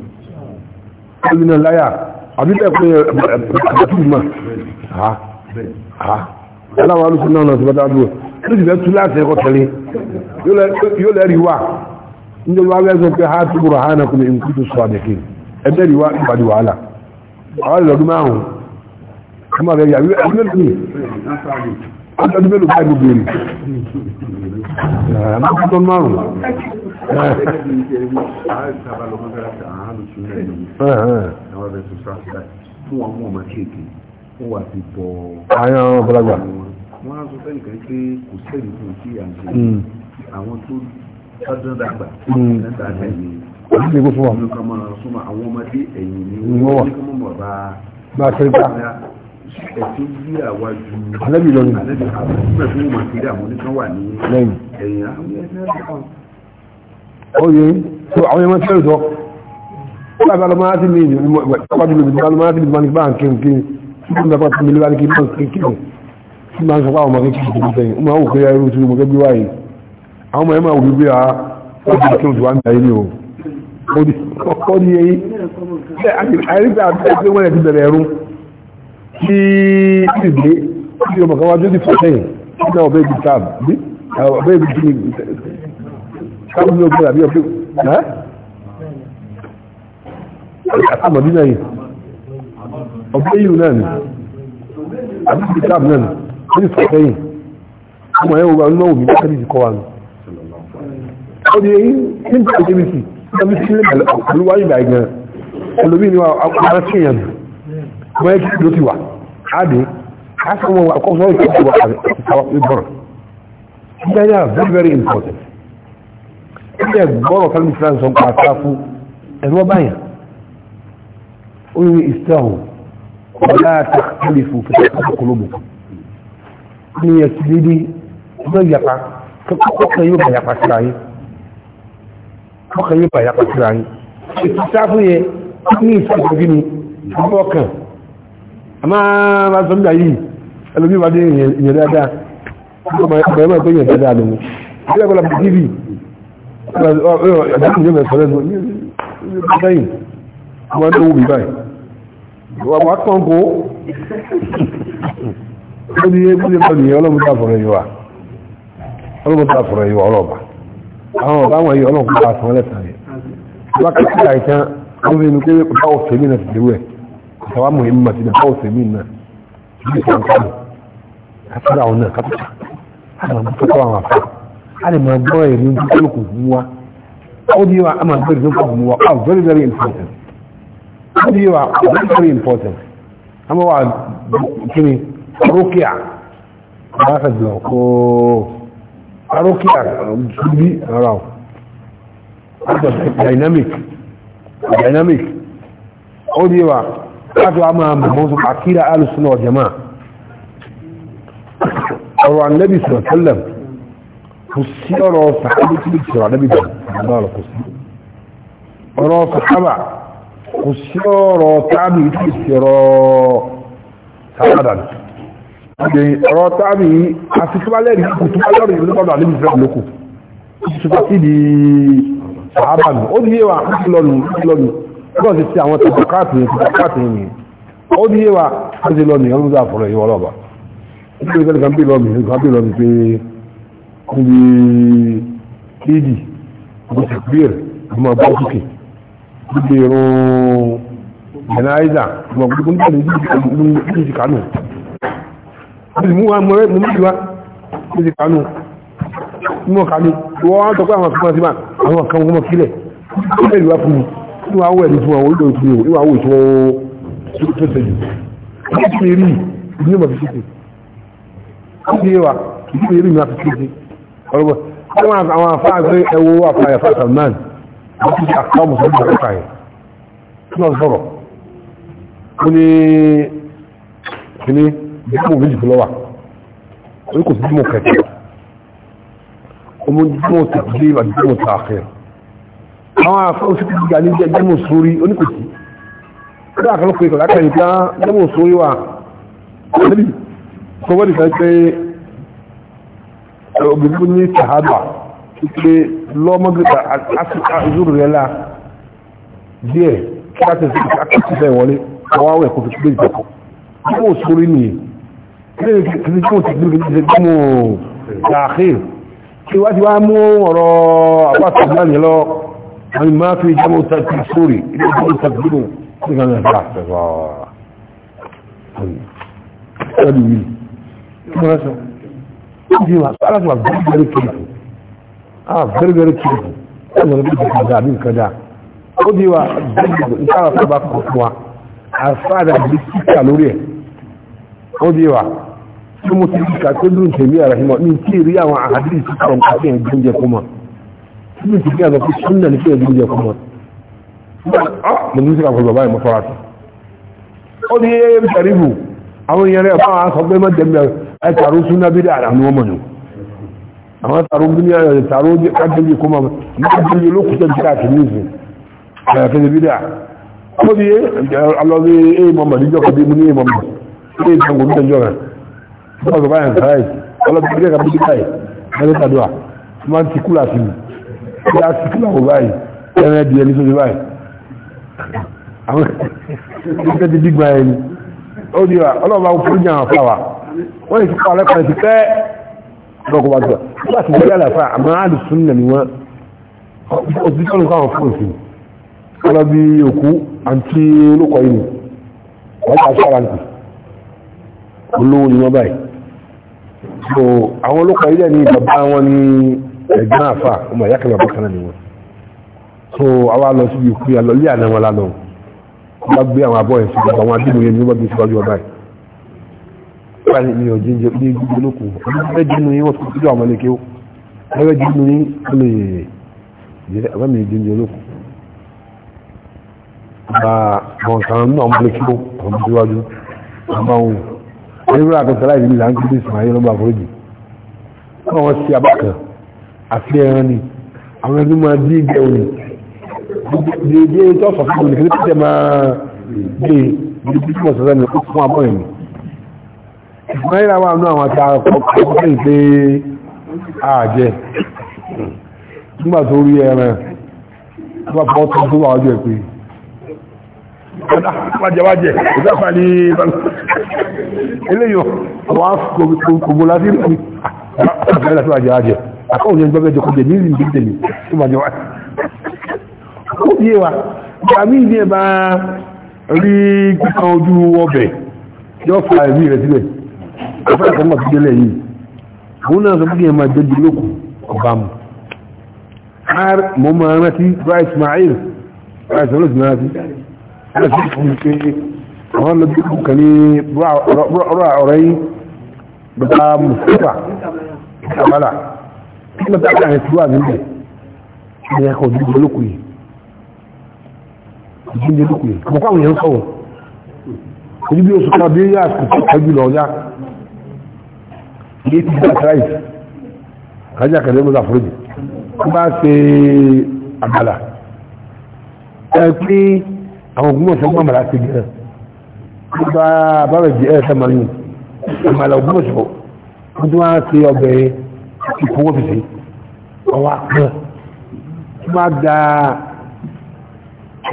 ẹlú náà láyà àbíbẹ̀ pé ẹ̀bẹ̀tù ma ha ha aláwọ̀ alùsùlọ náà sọ́dá ó lùsùlọ tú láti ẹkọ tẹ̀lé yóò lẹ́rí wà ní wá wẹ́sọ pé ha tí bùrọ̀ ha náà kùnlẹ̀ ìkú tó sọ àdẹ̀kì ẹgbẹ́ rí wá ìpàdé wàhálà àwọn ìlọ́dún márùn-ún ọdún mélòó báyìí mo béèrè ẹ̀ máa tọ́ márùn àwọn ọmọ ọ̀gbọ̀lagbà wọ́n á sọ fẹ́ nìkan pé kò sẹ́yìn fún kí à ń ṣe àwọn tó sádán dàgbà lẹ́ta ẹ̀yìn ní kó fún wa àwọn ọmọdé ẹ̀yìn ni wọ́n wà bá a ẹ̀sìn bí àwa ju alẹ́bí lọ ní alẹ́bí àwọn ọmọ ẹ̀sìn wọn kiri àwọn oníkan wà ní lẹ́yìn ẹ̀yìn àwọn ẹ̀sìn ẹ̀sìn oye so àwọn ẹmọ tẹ́lẹ̀ sọ ọlọ́pàá lọ máa ti lè ní ọlọ́pàá lọ máa ti lè máa ní bá ń kí n kí n bá ti lè ní kí n bá ń kí n kí n kí n bá ń sọ fáwọn ọmọ kékeré tó ń sẹ́yìn ọmọ àwọn òkè ayélujára tó ń mọ gẹ́gẹ́ ní o ó tí ìgbé tí ọmọ kan wá jọ́ sí fọ́sẹ̀yìn ní ọ̀bẹ́ ibi táàbù bí ọ̀bẹ́ ibi tí táàbù ní ọgbẹ́ àbí ọ̀bẹ́ náà àtàmọ̀dí náà yìí ọ̀bẹ́ yìí náà ni àbí ibi táàbù náà ni ní fọ́sẹ̀yìn ọmọ yẹn wọ́n náà òmìnira kẹ́lí ti kọ́ wa nù ó di eyín ní ìgbà ìdíbi sí ìgbà sílẹ̀ pẹ̀lú wáyé ìgbà ìgbà ẹlòmíì ni wọ́n á fi yàn bọ́ ló ti wà. Adi, عادي حسب ما أقول صوت يكبر لا لا very very important ilé ẹgbọ́rọ̀ kan ní france ọkọ̀ àtàkù ẹ̀rọ báyà orí ìsìláhùn ọ̀dá àtàkùlẹ̀fù fẹ́kọ̀ọ́kọ̀lọ́bù ní ẹ̀sì lédè ọmọ ìyàpá kọ́kọ́ yóò bá yàpá síra yìí kọ́kọ́ yóò bá yàpá síra yìí ìsìláhùn yẹ ní ìsìláhùn gíní ọmọ ọkàn àmá bá sọ nígbà yìí ẹlòmí wá dé ìyẹn dáadáa ọmọ ẹgbẹ́ pé ìyẹn dáadáa lòun bí ẹgbẹ́ lọ́pọ̀ tv ọjọ́ ìjọba ìsọ̀rọ̀ ẹ̀sọ́ ní sẹ́yìn wọ́n tó wù bíbáyì wà kàn kó ó ní ẹgbẹ́ ní ọdún yẹn ọlọ́mọdé àfọ̀rọ̀ yìí wà ọlọ́mọdé àfọ̀rọ̀ yìí wà ọlọ́ba àwọn ọ̀bá wọn yìí ọlọ́mọdé àfọ̀rọ̀ lẹ́sàn-án yìí wákàtí àìsàn ó fi ní pé ọ̀pá òfin ní ìtawà muhimma ti da kawai sami na bí ìtàn kánù ká fara àwọn náà kápẹ́tà á nà mú fọ́tọ́ àwọn afá á lè máa gbọ́ ẹ̀rí ní kálukú mú a very very important ó di very very important a máa wà kíni rókìá bá ka jùlọ kó rókìá bí ara o dynamic dynamic ó di láti wá máa mọ̀ mọ́sùn àkíra alùsùn ọ̀jẹ̀má ọ̀rọ̀ annabi sọ̀tẹ́lẹ̀m kò sí ọ̀rọ̀ sàábà tí ìṣòro annabi bẹ̀rẹ̀ kò sí ọ̀rọ̀ sàábà kò sí ọ̀rọ̀ tábì tí ìṣòro sàábà ọ̀rọ̀ tábì àti túbálẹ́rì kò túbálẹ́rì ìlú kọ́dọ̀ annabi sọ̀rọ̀ lókù ó ti túbá sí di sàábà nù ó di yé wa lọ́nu lọ́nu bọ́ọ̀ ti ti àwọn tàbákàtì ní tàbákàtì ní ó ní yíwa ó ti lọ nìyàn lóòdà fọ̀rọ̀ ìwọ lọ́ba nítorí kẹ́lẹ́ kan bí lọ́mì kan bí lọ́mì pé kúbi kéèdì mo ti gbèrè mo bá sókè gbígbé irun jẹnáìdà mo gbogbo nígbà ní ìdí ìdí kánú mo wá mo rẹ mo méjì wá ìdí kánú mo kánú wọ́n á sọ pé ní wàá wẹ̀ ní fún àwọn olùdó ìfúnni ìwà wò tó tó tẹ̀lé ní ti rí ní ọmọ fi ṣe ó ti yé wa ní ti rí ní ọmọ fi ṣe ọlọ́wọ́ àwọn àwọn afáàgbé ẹwọ àfààyè fàtà náà wọ́n ti ṣe àkọ́ mùsùlùmí àti fàyè tí wọ́n sọ̀rọ̀ ó ní kíní ìdíkùn méjì fún lọ́wà orí kò sí dímọ̀ kẹ̀kẹ́ ọmọ dímọ̀ tẹ̀lé àti dímọ̀ tààkẹ́ àwọn afọ́síkì gíga ní jẹ́mù sórí oníkòtí ní àkọlọ́pọ̀ ikọ̀ látàrí pé jẹ́mù sórí wà lórí sọwọ́dì kan pé obìnrin ní sàhábà pé lọ́mọgbẹ̀ta azúrù rẹ̀ la díẹ̀ kí a ti fi akẹ́kọ̀ọ́ wọlé ọwọ́ ẹ̀kọ́ fi gbé ìjọkọ̀ jẹ́mù sórí nìyẹn kí ni jẹ́mù sí gbé jẹ́mù sàáhìr kí wá ti wá mú ọ̀rọ̀ àpá هل ما في جمع تكبير سوري جمع تكبير كان يفرح تفاح قالوا لي دي مسألة البرجر كيفه اه البرجر كيفه انا بدي قاعدين كده خدي والبرجر ان شاء الله تبقى خطوه عفاده بالكالوري خدي وا ثم تلك كل شيء رحمه من كيريا وحديث كان كان جنجكم ní ìsìnkú àgbà fún súnà ní kéèyàn jíjẹ fún wọn mo ní síkà fún bàbá ìmọ̀ fọ́ra sí ó ní yẹ́ bí sàrífù àwọn èèyàn rẹ̀ bá wọn sọ pé mọ́jẹ̀ mi ẹ̀tàrú súnà bí dáadáa ní wọ́n mọ̀ ní àwọn tàrú bí ní ẹ̀tàrú kájẹ́jì kó máa ní kájẹ́jì olókùtọ̀ jí káàkiri ní ìsìn ẹ̀fẹ́ bí dáa ó ní alọ́bí èèmọ̀ mọ̀ níjọ́ kan bí mo ní èèmọ̀ mọ̀ ìyá síkìlà ò báyìí ẹ̀rẹ́ ẹ̀dì ẹni sójú báyìí àwọn ẹgbẹ́ ti dígbà ẹni ó di wa ọlọ́ọ̀bá fún ìjà àwọn fáwà wọ́n lè ti kọ́ ọlọ́pàá ti pẹ́ lọ́kọ̀ bá gbà nígbà tí wọ́n yàrá fà àmọ́ àdì sún nà ni wọ́n òtítọ́ ọ̀nà káwọn fún òsì ọlọ́bí òkú àti olókọ̀ yìí wọ́n ti aṣọ àlàǹtì olówó ni wọ́n báyìí so àwọn olókọ̀ yìí dẹ̀ ní bàbá wọn ni ẹ̀gbọ́n àfà ọmọ ìyá kan àbọ̀kan ni wọn so àwa lọ síbi ìkú yà lọ lé àná wọn lánàá wọn bá gbé àwọn abọ́ yẹn sí gbogbo àwọn adébòye ni wọ́n bá gbé síwájú ọba yìí wọ́n ní mi ò jíjẹ ní gbogbo olóko ọlọ́fẹ́ dínú yín wọ́n tún àwọn ọmọlẹ́kẹ́ ó ọlọ́fẹ́ dínú yín ó lè yẹ ọba mi jíjẹ olóko ọba àwọn kan náà ọmọlẹ́kẹ́ ó ọmọ síwájú ọmọ òun ẹni wúrà àkọsílẹ̀ ìlú là ń àti ẹran ni àwọn ẹni máa dí ìgbẹ́ òní dédé tó sọ fún òní kìlípì tẹ máa gbé dédé tó sọ sẹ́ni ó fún abọ́ ẹ̀mí ìsmáìlá wà nú àwọn ata ọkọ̀ pé àjẹ nígbà tó rí ẹran tó bá fọ́ tó tó wà ọjọ́ ẹ̀ pé wájẹwájẹ ìgbàfà ní eléyìí àwọn kòmò láti rí ọ̀gbẹ́lá tó wájẹwájẹ akọ́wọ̀ yẹn gbọ́gbẹ́ jọkọ́ jẹ nílùú ìgbẹ́ tẹ̀lé tó bá jẹ wá ó bí wa ìgbàmí ní ẹ bá rí kíkan ojú ọbẹ̀ yóò fa ẹ̀mí rẹ̀ síbẹ̀ ọ̀fẹ́ àkọ́mọ̀ tó délẹ̀ yìí òun náà sọ fúnkẹ́ máa jẹ́jú lókù ọba mu mo máa rántí bryce ismail bryce olóòtú náà rántí láti fún mi pé àwọn lọ bí kan ní ọ̀rọ̀ ọ̀rẹ́ yìí bàbá mustapha kí ló dábàá rẹ̀ tó wà níbẹ̀ ní ẹ̀kọ́ òdìdí olóko yìí òdìdí olóko yìí kọ̀ọ̀kọ́ àwọn èèyàn sọ̀rọ̀ ojú bí oṣù kan bí yá àsìkò ọjọ́ lọ yá ní ti dáa tíráì kájà kẹ̀lẹ́ mọ́ta fúrẹ́jì wọ́n bá ṣe àgbàlá ẹ pé àwọn ògùn mọ̀ṣọ́ mọ́ àmàlà ti gẹ̀rẹ́ wọ́n bá bá rẹ̀ jẹ́ ẹ̀ẹ́sẹ̀ mọ́rin àmàlà ògùn mọ̀ṣọ́ wọ́n tún wá ṣe ọbẹ̀ yẹn àti ìfowópèsè ọwọ́ kan tí máa da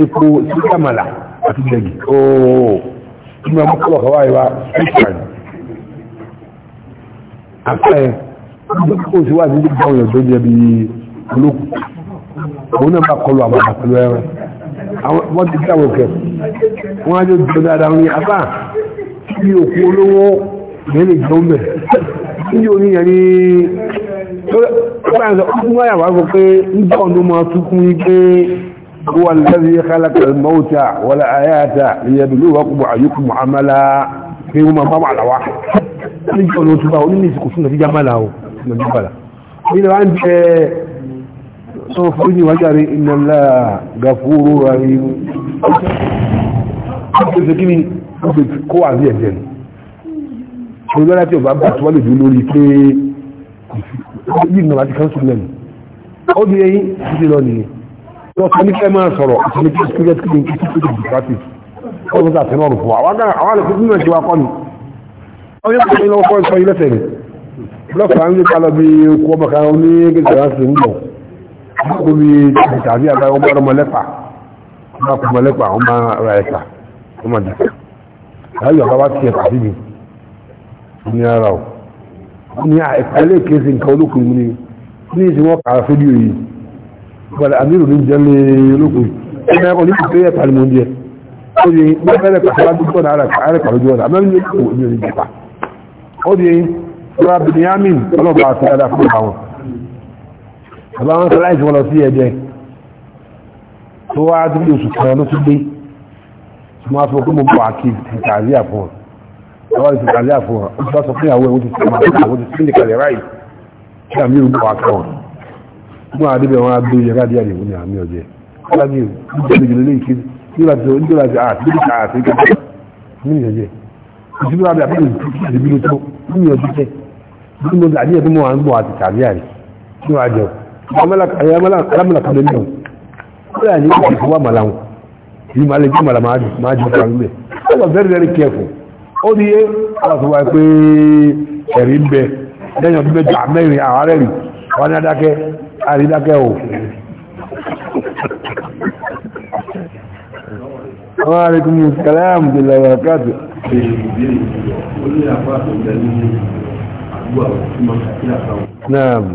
epo sí kàmàlà àti jẹ̀gì ooo tí máa mú kọ́lọ̀ kọ́wá ìwà ṣíṣàn àfẹ́ ọjọ́ kò sí wà ní ìgbà òyìn tó jẹ́ bí olókù òun náà bá kọlu àbàbà pẹ̀lú ẹran wọ́n ti dáwọ̀ kẹ wọ́n á jọ jọ dáadáa ní afá tí òkú olówó lẹ́lẹ̀ jọ mẹ́ tí yóò níyàn ní هو الذي خلق الموت والآيات ليبلوكم أيكم عملا فيهما طبعا واحد نجيب أنه تباه لن يسكسون في جماله نجيب له إذا أنت سوف أجي وجري إن الله غفور رحيم أبدا سكيني أبدا كوى عزيزي ṣe lọ́la tí ọba bá tí wọ́n lè dúró lórí pé yìí nà láti kánṣu lẹ́nu ó di eyín títí lọ nìyẹn tó ọkọ ní kẹ́ máa sọ̀rọ̀ ìṣẹ̀lẹ̀ kí ẹ̀sìn kí ẹ̀sìn kí ẹ̀sìn kí ẹ̀sìn ó lọ sí àtẹnà ọ̀rọ̀ fún wa àwọn àlẹ́ fún ìrìnàjò akọ ni ó yẹ kó lọ́wọ́ kọ́ ìsọ ilé tẹ̀lé lọ́kàn ń lépa lọ bí kú ọmọ kan ní gẹ̀gẹ̀rẹ́ sí ń bọ̀ ó bí tàbí àgbà ọmọ ọmọlẹ́pà ọmọ ọmọlẹ́pà ọmọ ara ẹ̀ka ọmọ dìkà láyọ̀ bá wá tiẹ̀ pàdé mi ní ara ọ̀ ní àìpẹ́lẹ̀ kéèsì nǹkan olókùn ní ní ìsìn wọ́n kàrà fídíò yìí pẹ̀lú àmìrò ní jẹ́lẹ̀ olókùn ẹ̀mẹ́ ẹ̀kọ́ ní ìpínlẹ̀ ẹ̀pàlẹ̀ mọ́ jẹ́ ó di mẹ́fẹ́lẹ̀ pàtàkùn àárẹ̀pàlójú ọ̀nà àmẹ́rin ní ìpínlẹ̀ ìjọba ìjọba ó di rọ́ abìnrin ọlọ́pàá àti ẹ̀dà fún àwọn àbá wọn sọlá ìsìn wọn lọ sí ẹ̀jẹ̀ tó wá tó bí oṣù kan ló tún gbé tó máa fọ kó mo bọ̀ àkíyèsí tàbí àpọ̀ àwọn ìsìnkàlẹ̀ àfọ̀hàn ó ti bá sọ pé àwọn ẹ̀wọ̀n ti sàmà àwọn ti sílẹ̀ kalẹ̀ ráì kí àmì ògbò àkàwọn mú àdébẹ̀ wọn abẹ́ yẹra díẹ̀ nìwọ̀n ní àmì ọ̀jẹ́ alábí ìjọba ilé ìké nígbà tí ó láti àti àti ìgbà mí ìyẹ̀jẹ̀ ìṣúná abẹ́ àbí ìdíbí ló tó mí ìyẹ̀jẹ̀ tẹ́ bí mo dàdí ẹ̀ tó mọ̀ à ń bọ̀ àti tàbí àrí tí wọ́n á jẹun alámọ̀lá kan lẹ́nu ó yà ní ìfowópamọ́ làwọn ìmọ̀ alẹ́ jẹ́ ó ní àtàtàwà pé ẹ̀rí ń bẹ lẹ́yìn ọdún mẹ́jọ mẹ́rin àwọn arẹ́rì wọ́n ní adákẹ́ àrídákẹ́ ò wọ́n rí kí mú kàláàmù jẹ lọ́wọ́ káàtù Náàmù.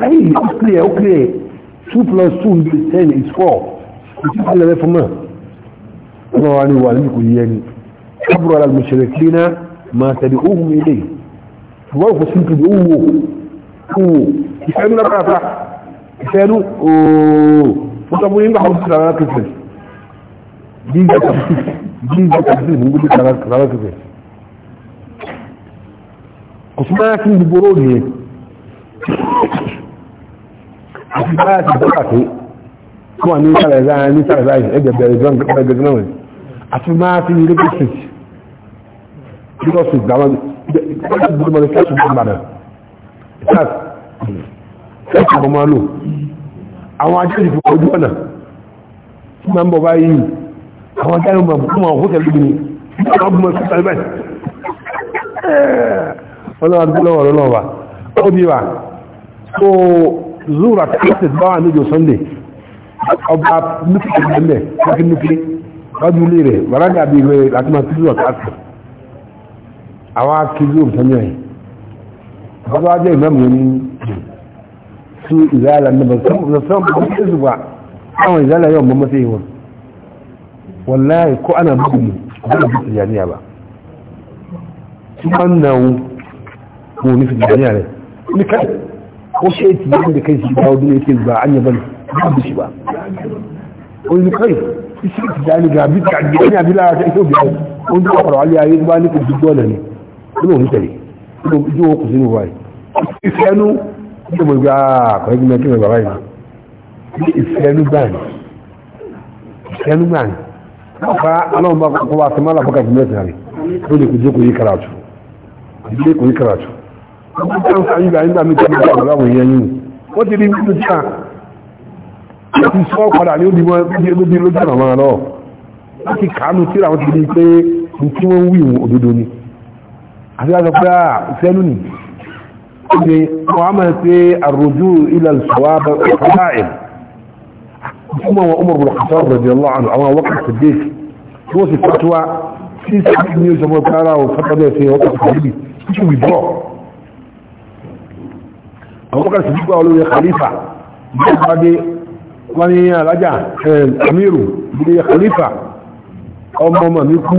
Hey, ó clear, ó clear. Two plus two is ten is four. Ìtí ìpínlẹ̀ rẹ̀ fún mọ́. Ọlọ́run wa ni wà ní kò yẹ ni. Kábùrọ̀ ara mùsùlùmí náà máa tẹ̀lé ohun ilé. Ṣùgbọ́n kò sí ìpínlẹ̀ owó. Owó. Ìfẹ́nu náà pàápàá. Ìfẹ́nu ooo. Mo sọ fún yín gbà ọdún sàrà kẹfẹ̀. Jíjẹ kàfíìsì. Jíjẹ kàfíìsì mú gbé sàrà kẹfẹ̀. Kò sí máa kí gbogbo róòlù yẹn. àti báyà ti bọ́kà tó fún àní sàrẹ̀zá ní sàrẹ̀zá ẹgbẹ̀bẹ̀rẹ̀ gbẹ̀gbẹ̀rẹ̀ àti máa ti ní lẹ́gbẹ̀sìt lẹ́gbẹ̀sìt gbàmọ́ gbọ́dọ̀ fẹ́sùn gbàmọ́ fẹ́sùn gbàmọ́ lò àwọn ajẹ́jì fún ojú ọ̀nà tí máa ń bọ̀ báyìí àwọn ajẹ́jì máa bọ̀ máa hókẹ́ lóbi ni wọ́n bọ̀ sí sàrẹ̀bẹ̀ ọlọ́wà dúpẹ́ lọ́wọ́ lọ́wọ́ wa ó bí wa so zuwa ta asis bawa ní jọ sunday ọba nufi ẹgbẹ́ wákí nufi wájú ilé rẹ̀ wàrágà bí rẹ̀ láti máa tíjú ọ̀tá asis àwọn akíjú òmìnirẹ̀ rẹ̀ bọ́bá wájú ìmọ̀mù ní su ìzáàlá níbà sọ́wọ́n ìzáàlá yóò mọ́ mọ́sí wọn wallahi ko ana bugun mu ba bi tijaniya ba wannan ko ni tijaniya ne ni kai ko shaiti yin da kai shi dawo duniya yake ba an yi bane babu shi ba wani kai shi ta dani ga bi ta gani ya bila ta iso biya wani da kwaro aliya yi ba ni ku duk dole ne ina wani tare ina ji ku zinu ba yi ifenu ita mai ga kwai gina kima ba bai na ifenu ba ni ifenu ba ni haka ana ba ku ba su mala baka gina tare dole ku je ku yi karatu ku je ku yi karatu wọ́n tẹ́ ń sáyé ìgbà nígbà mítí nígbà pẹ̀lú àwọn èèyàn yìí wọ́n ti rí nínú tí a ti sọ padà ní òdìmọ́ lóbi lójú ọ̀nà máa lọ láti ṣe wọ́n á máa ṣe àròjú ilẹ̀ ìṣọ̀wá wọn Umar bin Khattab radiyallahu àwọn awọ́kà Siddiq tí wọ́n sì fatuwa sí sáà ní oṣù ọmọ ìpínlẹ̀ abubakar sadiq wà lórí khalifa ìjọbade wọ́n ní alájà eh, amiru ìdílé khalifa ọmọ ọmọ mi kú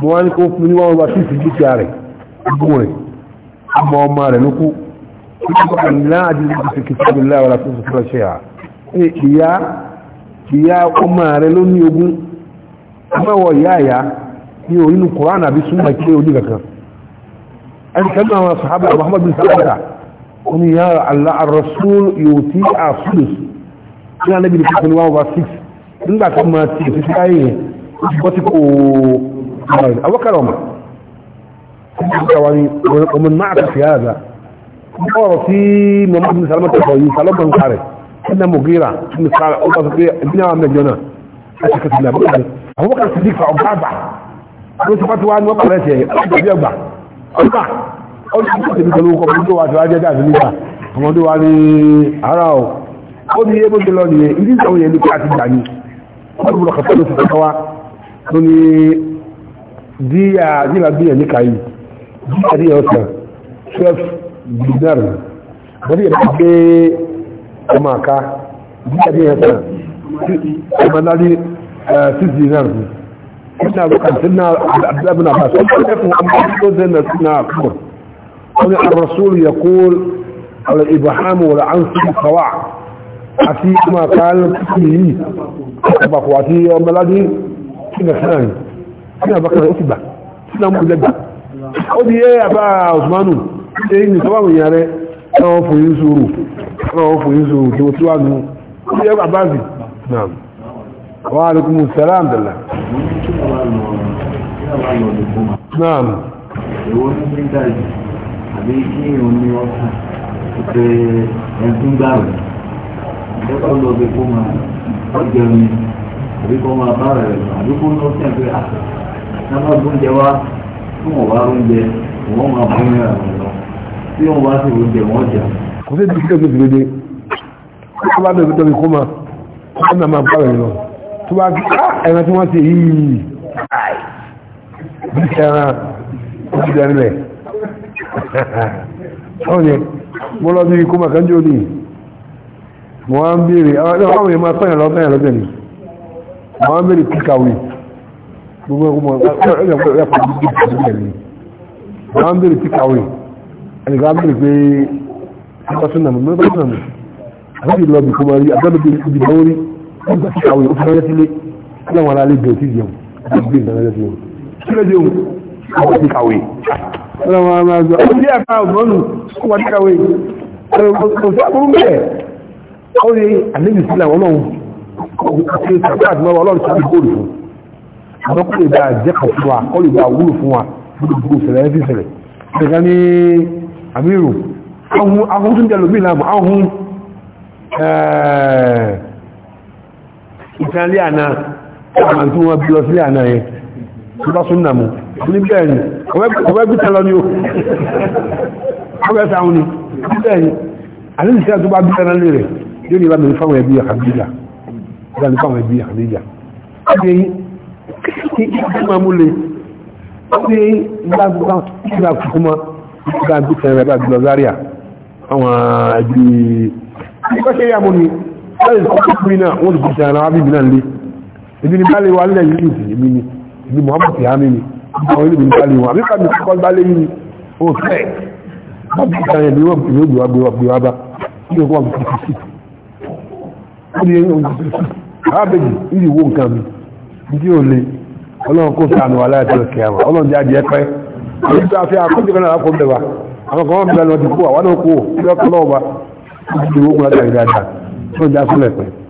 mo wá ní kó fún mi wọ́n wá sí ìsìnkú ti rẹ̀ gún rẹ̀ ọmọ ọmọ rẹ̀ ló kú ìjọba láàdì ìsìnkú kìtàbílá wà láti sọ́kọ́ ṣe à ìyá ìyá ọmọ rẹ̀ ló ní ogún ọmọwọ̀ ìyá ìyá ẹni kẹ́lú àwọn sàhábà Muhammad bin sàhábà kuni ya Allah ar-rasul yuti aflus ina nabi da kun wa ba 6 in ba kan ma ti fi kai ko ti ko abakar umar kawani ومن معك في هذا قال في محمد بن سلمة الخوي سلمة بن خارج ان مغيرة بن سعد ابو بكر ابن عم الجنة اشكت الله بقدر هو كان صديق في عبد الله وصفته ان وقرته اربع اربع ó ti kọ́ tèmi pẹ̀lú ọkọ̀ tó wà tó ajẹ́ dàbí nígbà ọmọ tó wà ní ara ọ̀ ó ní ebó tó lọ nìyẹn ìdí ìsọ̀rọ̀ yẹn ní kí a ti gbà ní wọ́n ti bọ̀rọ̀ kàtọ́ ló ti kọ́ wa ló ní díyà nígbà bíyà ní kàyí díyà díyà ọ̀sán twelve dinar wọ́n ti yẹ kí pé ọmọ àká díyà díyà ọ̀sán ọmọ náà قال الرسول يقول على الإبهام والعنصر القواع عسي ما قال فيه أكبر قواتي يوم بلدي كنا خلاني كنا بكرة أتبع كنا مجدد أقول إيه أبا عثمان إيه إني طبعا يعني أنا أفو يسورو أنا أفو يسورو جوتوا عنه قد إيه أبازي نعم وعليكم السلام بالله نعم àbí kí èèyàn ní ọkàn pé ẹ̀dún gbà rẹ̀ lọ́kọ́ lọ bí kó máa ọjọ́ mi àbí kó máa bá rẹ̀ lọ àbí kó lọ sí ẹgbẹ́ àṣà náà gbóúnjẹ wá fún ọ̀wá oúnjẹ wọ́n máa bọ́ ní àwọn lọ tí wọ́n wá sí oúnjẹ wọ́n jà. kò sí ibi tí ó ti fi dé kó bá bẹ̀rẹ̀ tóbi kó máa kó máa máa bá rẹ̀ lọ tó bá kí ah, ẹran tí wọ́n ti yí bí ẹran ó ti dẹ́rẹ́ ọ̀yẹ̀ mo lọ bí ikú màkà jò ní mo wá ń bèèrè àwọn èèyàn máa pẹ́yàn lọ́pẹ́yàn lọ́pẹ́ ni mo wá ń bèèrè kíkàwé gbogbo ọmọ ẹgbẹ̀rẹ̀ kíkàwé ẹnìkan bèèrè pé sípasúnàmù mẹ́bàtúnàmù àti ìlọ́bì kó máa rí àgbẹ́bẹ̀bẹ̀ ìdìbò orí nígbà kíkàwé ó fi rẹ́ sílé láwọn ará lè bẹ̀rẹ̀ sí ìjẹun àti ìgbé ìdánilẹ́sìn ọ̀rọ̀ wọn máa zọ ó jẹ́ ẹ̀fà ọ̀gbọ́nù wà níkàwé òṣèlú àbúrú bẹ́ẹ̀ ó ní àlébì sílẹ̀ wọn lọ́wọ́ ṣe ìtàkì àti mọ́wọ́ ọlọ́run sí ìgbò rẹ̀ fún àwọn kò lè bá jẹ́ kan fún wa kọ́ lè bá wúlò fún wa gbogbo ìṣẹ̀lẹ̀ ẹ̀fí ìṣẹ̀lẹ̀ ìṣẹ̀lẹ̀ ní àmírù àwọn ahun tó ń jẹ́ lómi ìlànà ahun ìtàn eh, ilé àná àwọn àti wọn bí lọ sílé àná yẹn tó bá sún nàmú ní bẹ́ẹ̀ ni ọwẹ́ gbìtẹ́ lọ ní o ọgbẹ́ sáwọn ni bẹ́ẹ̀ ni àlejò tó bá gbìtẹ́ lọ ní rẹ̀ yóò ní ìbá mi fáwọn ẹbí àkàdíjà ìbá mi fáwọn ẹbí àkàdíjà ọdún yìí kí kí máa mú le ọdún yìí nígbà gbígbà kúkúmọ́ nígbà gbìtẹ́ rẹ̀ bá gbìlọ záríà àwọn ẹbí ìkọ́ṣẹ́ yà mú ni láti sọ́kọ́ fún àwọn ilé ìgbìmọ̀ balẹ̀ wọn àbíkà mi kọ́ balẹ̀ yìí ó fẹ́ bàbá ìgbà yẹn ni wọ́n gbé wá gbé wá gbé wá bá ní ọgbọ́n mi kìí sí ó ní ẹni ọgbọ́n mi arábẹ́jì ìdí wo nǹkan mi ìdí o le ọlọ́run kó sànù wà láti ọ̀kẹ́ àwọn ọlọ́run jáde ẹ pẹ́ èyí tó a fi àkójọ kan náà kó bẹ̀ wá àwọn kan wọ́n bẹ̀rẹ̀ wọn ti kó àwọn náà kó ìdí ọkọ̀ náà wá ìdí ìwógun láti àgbàdà tó já sílẹ̀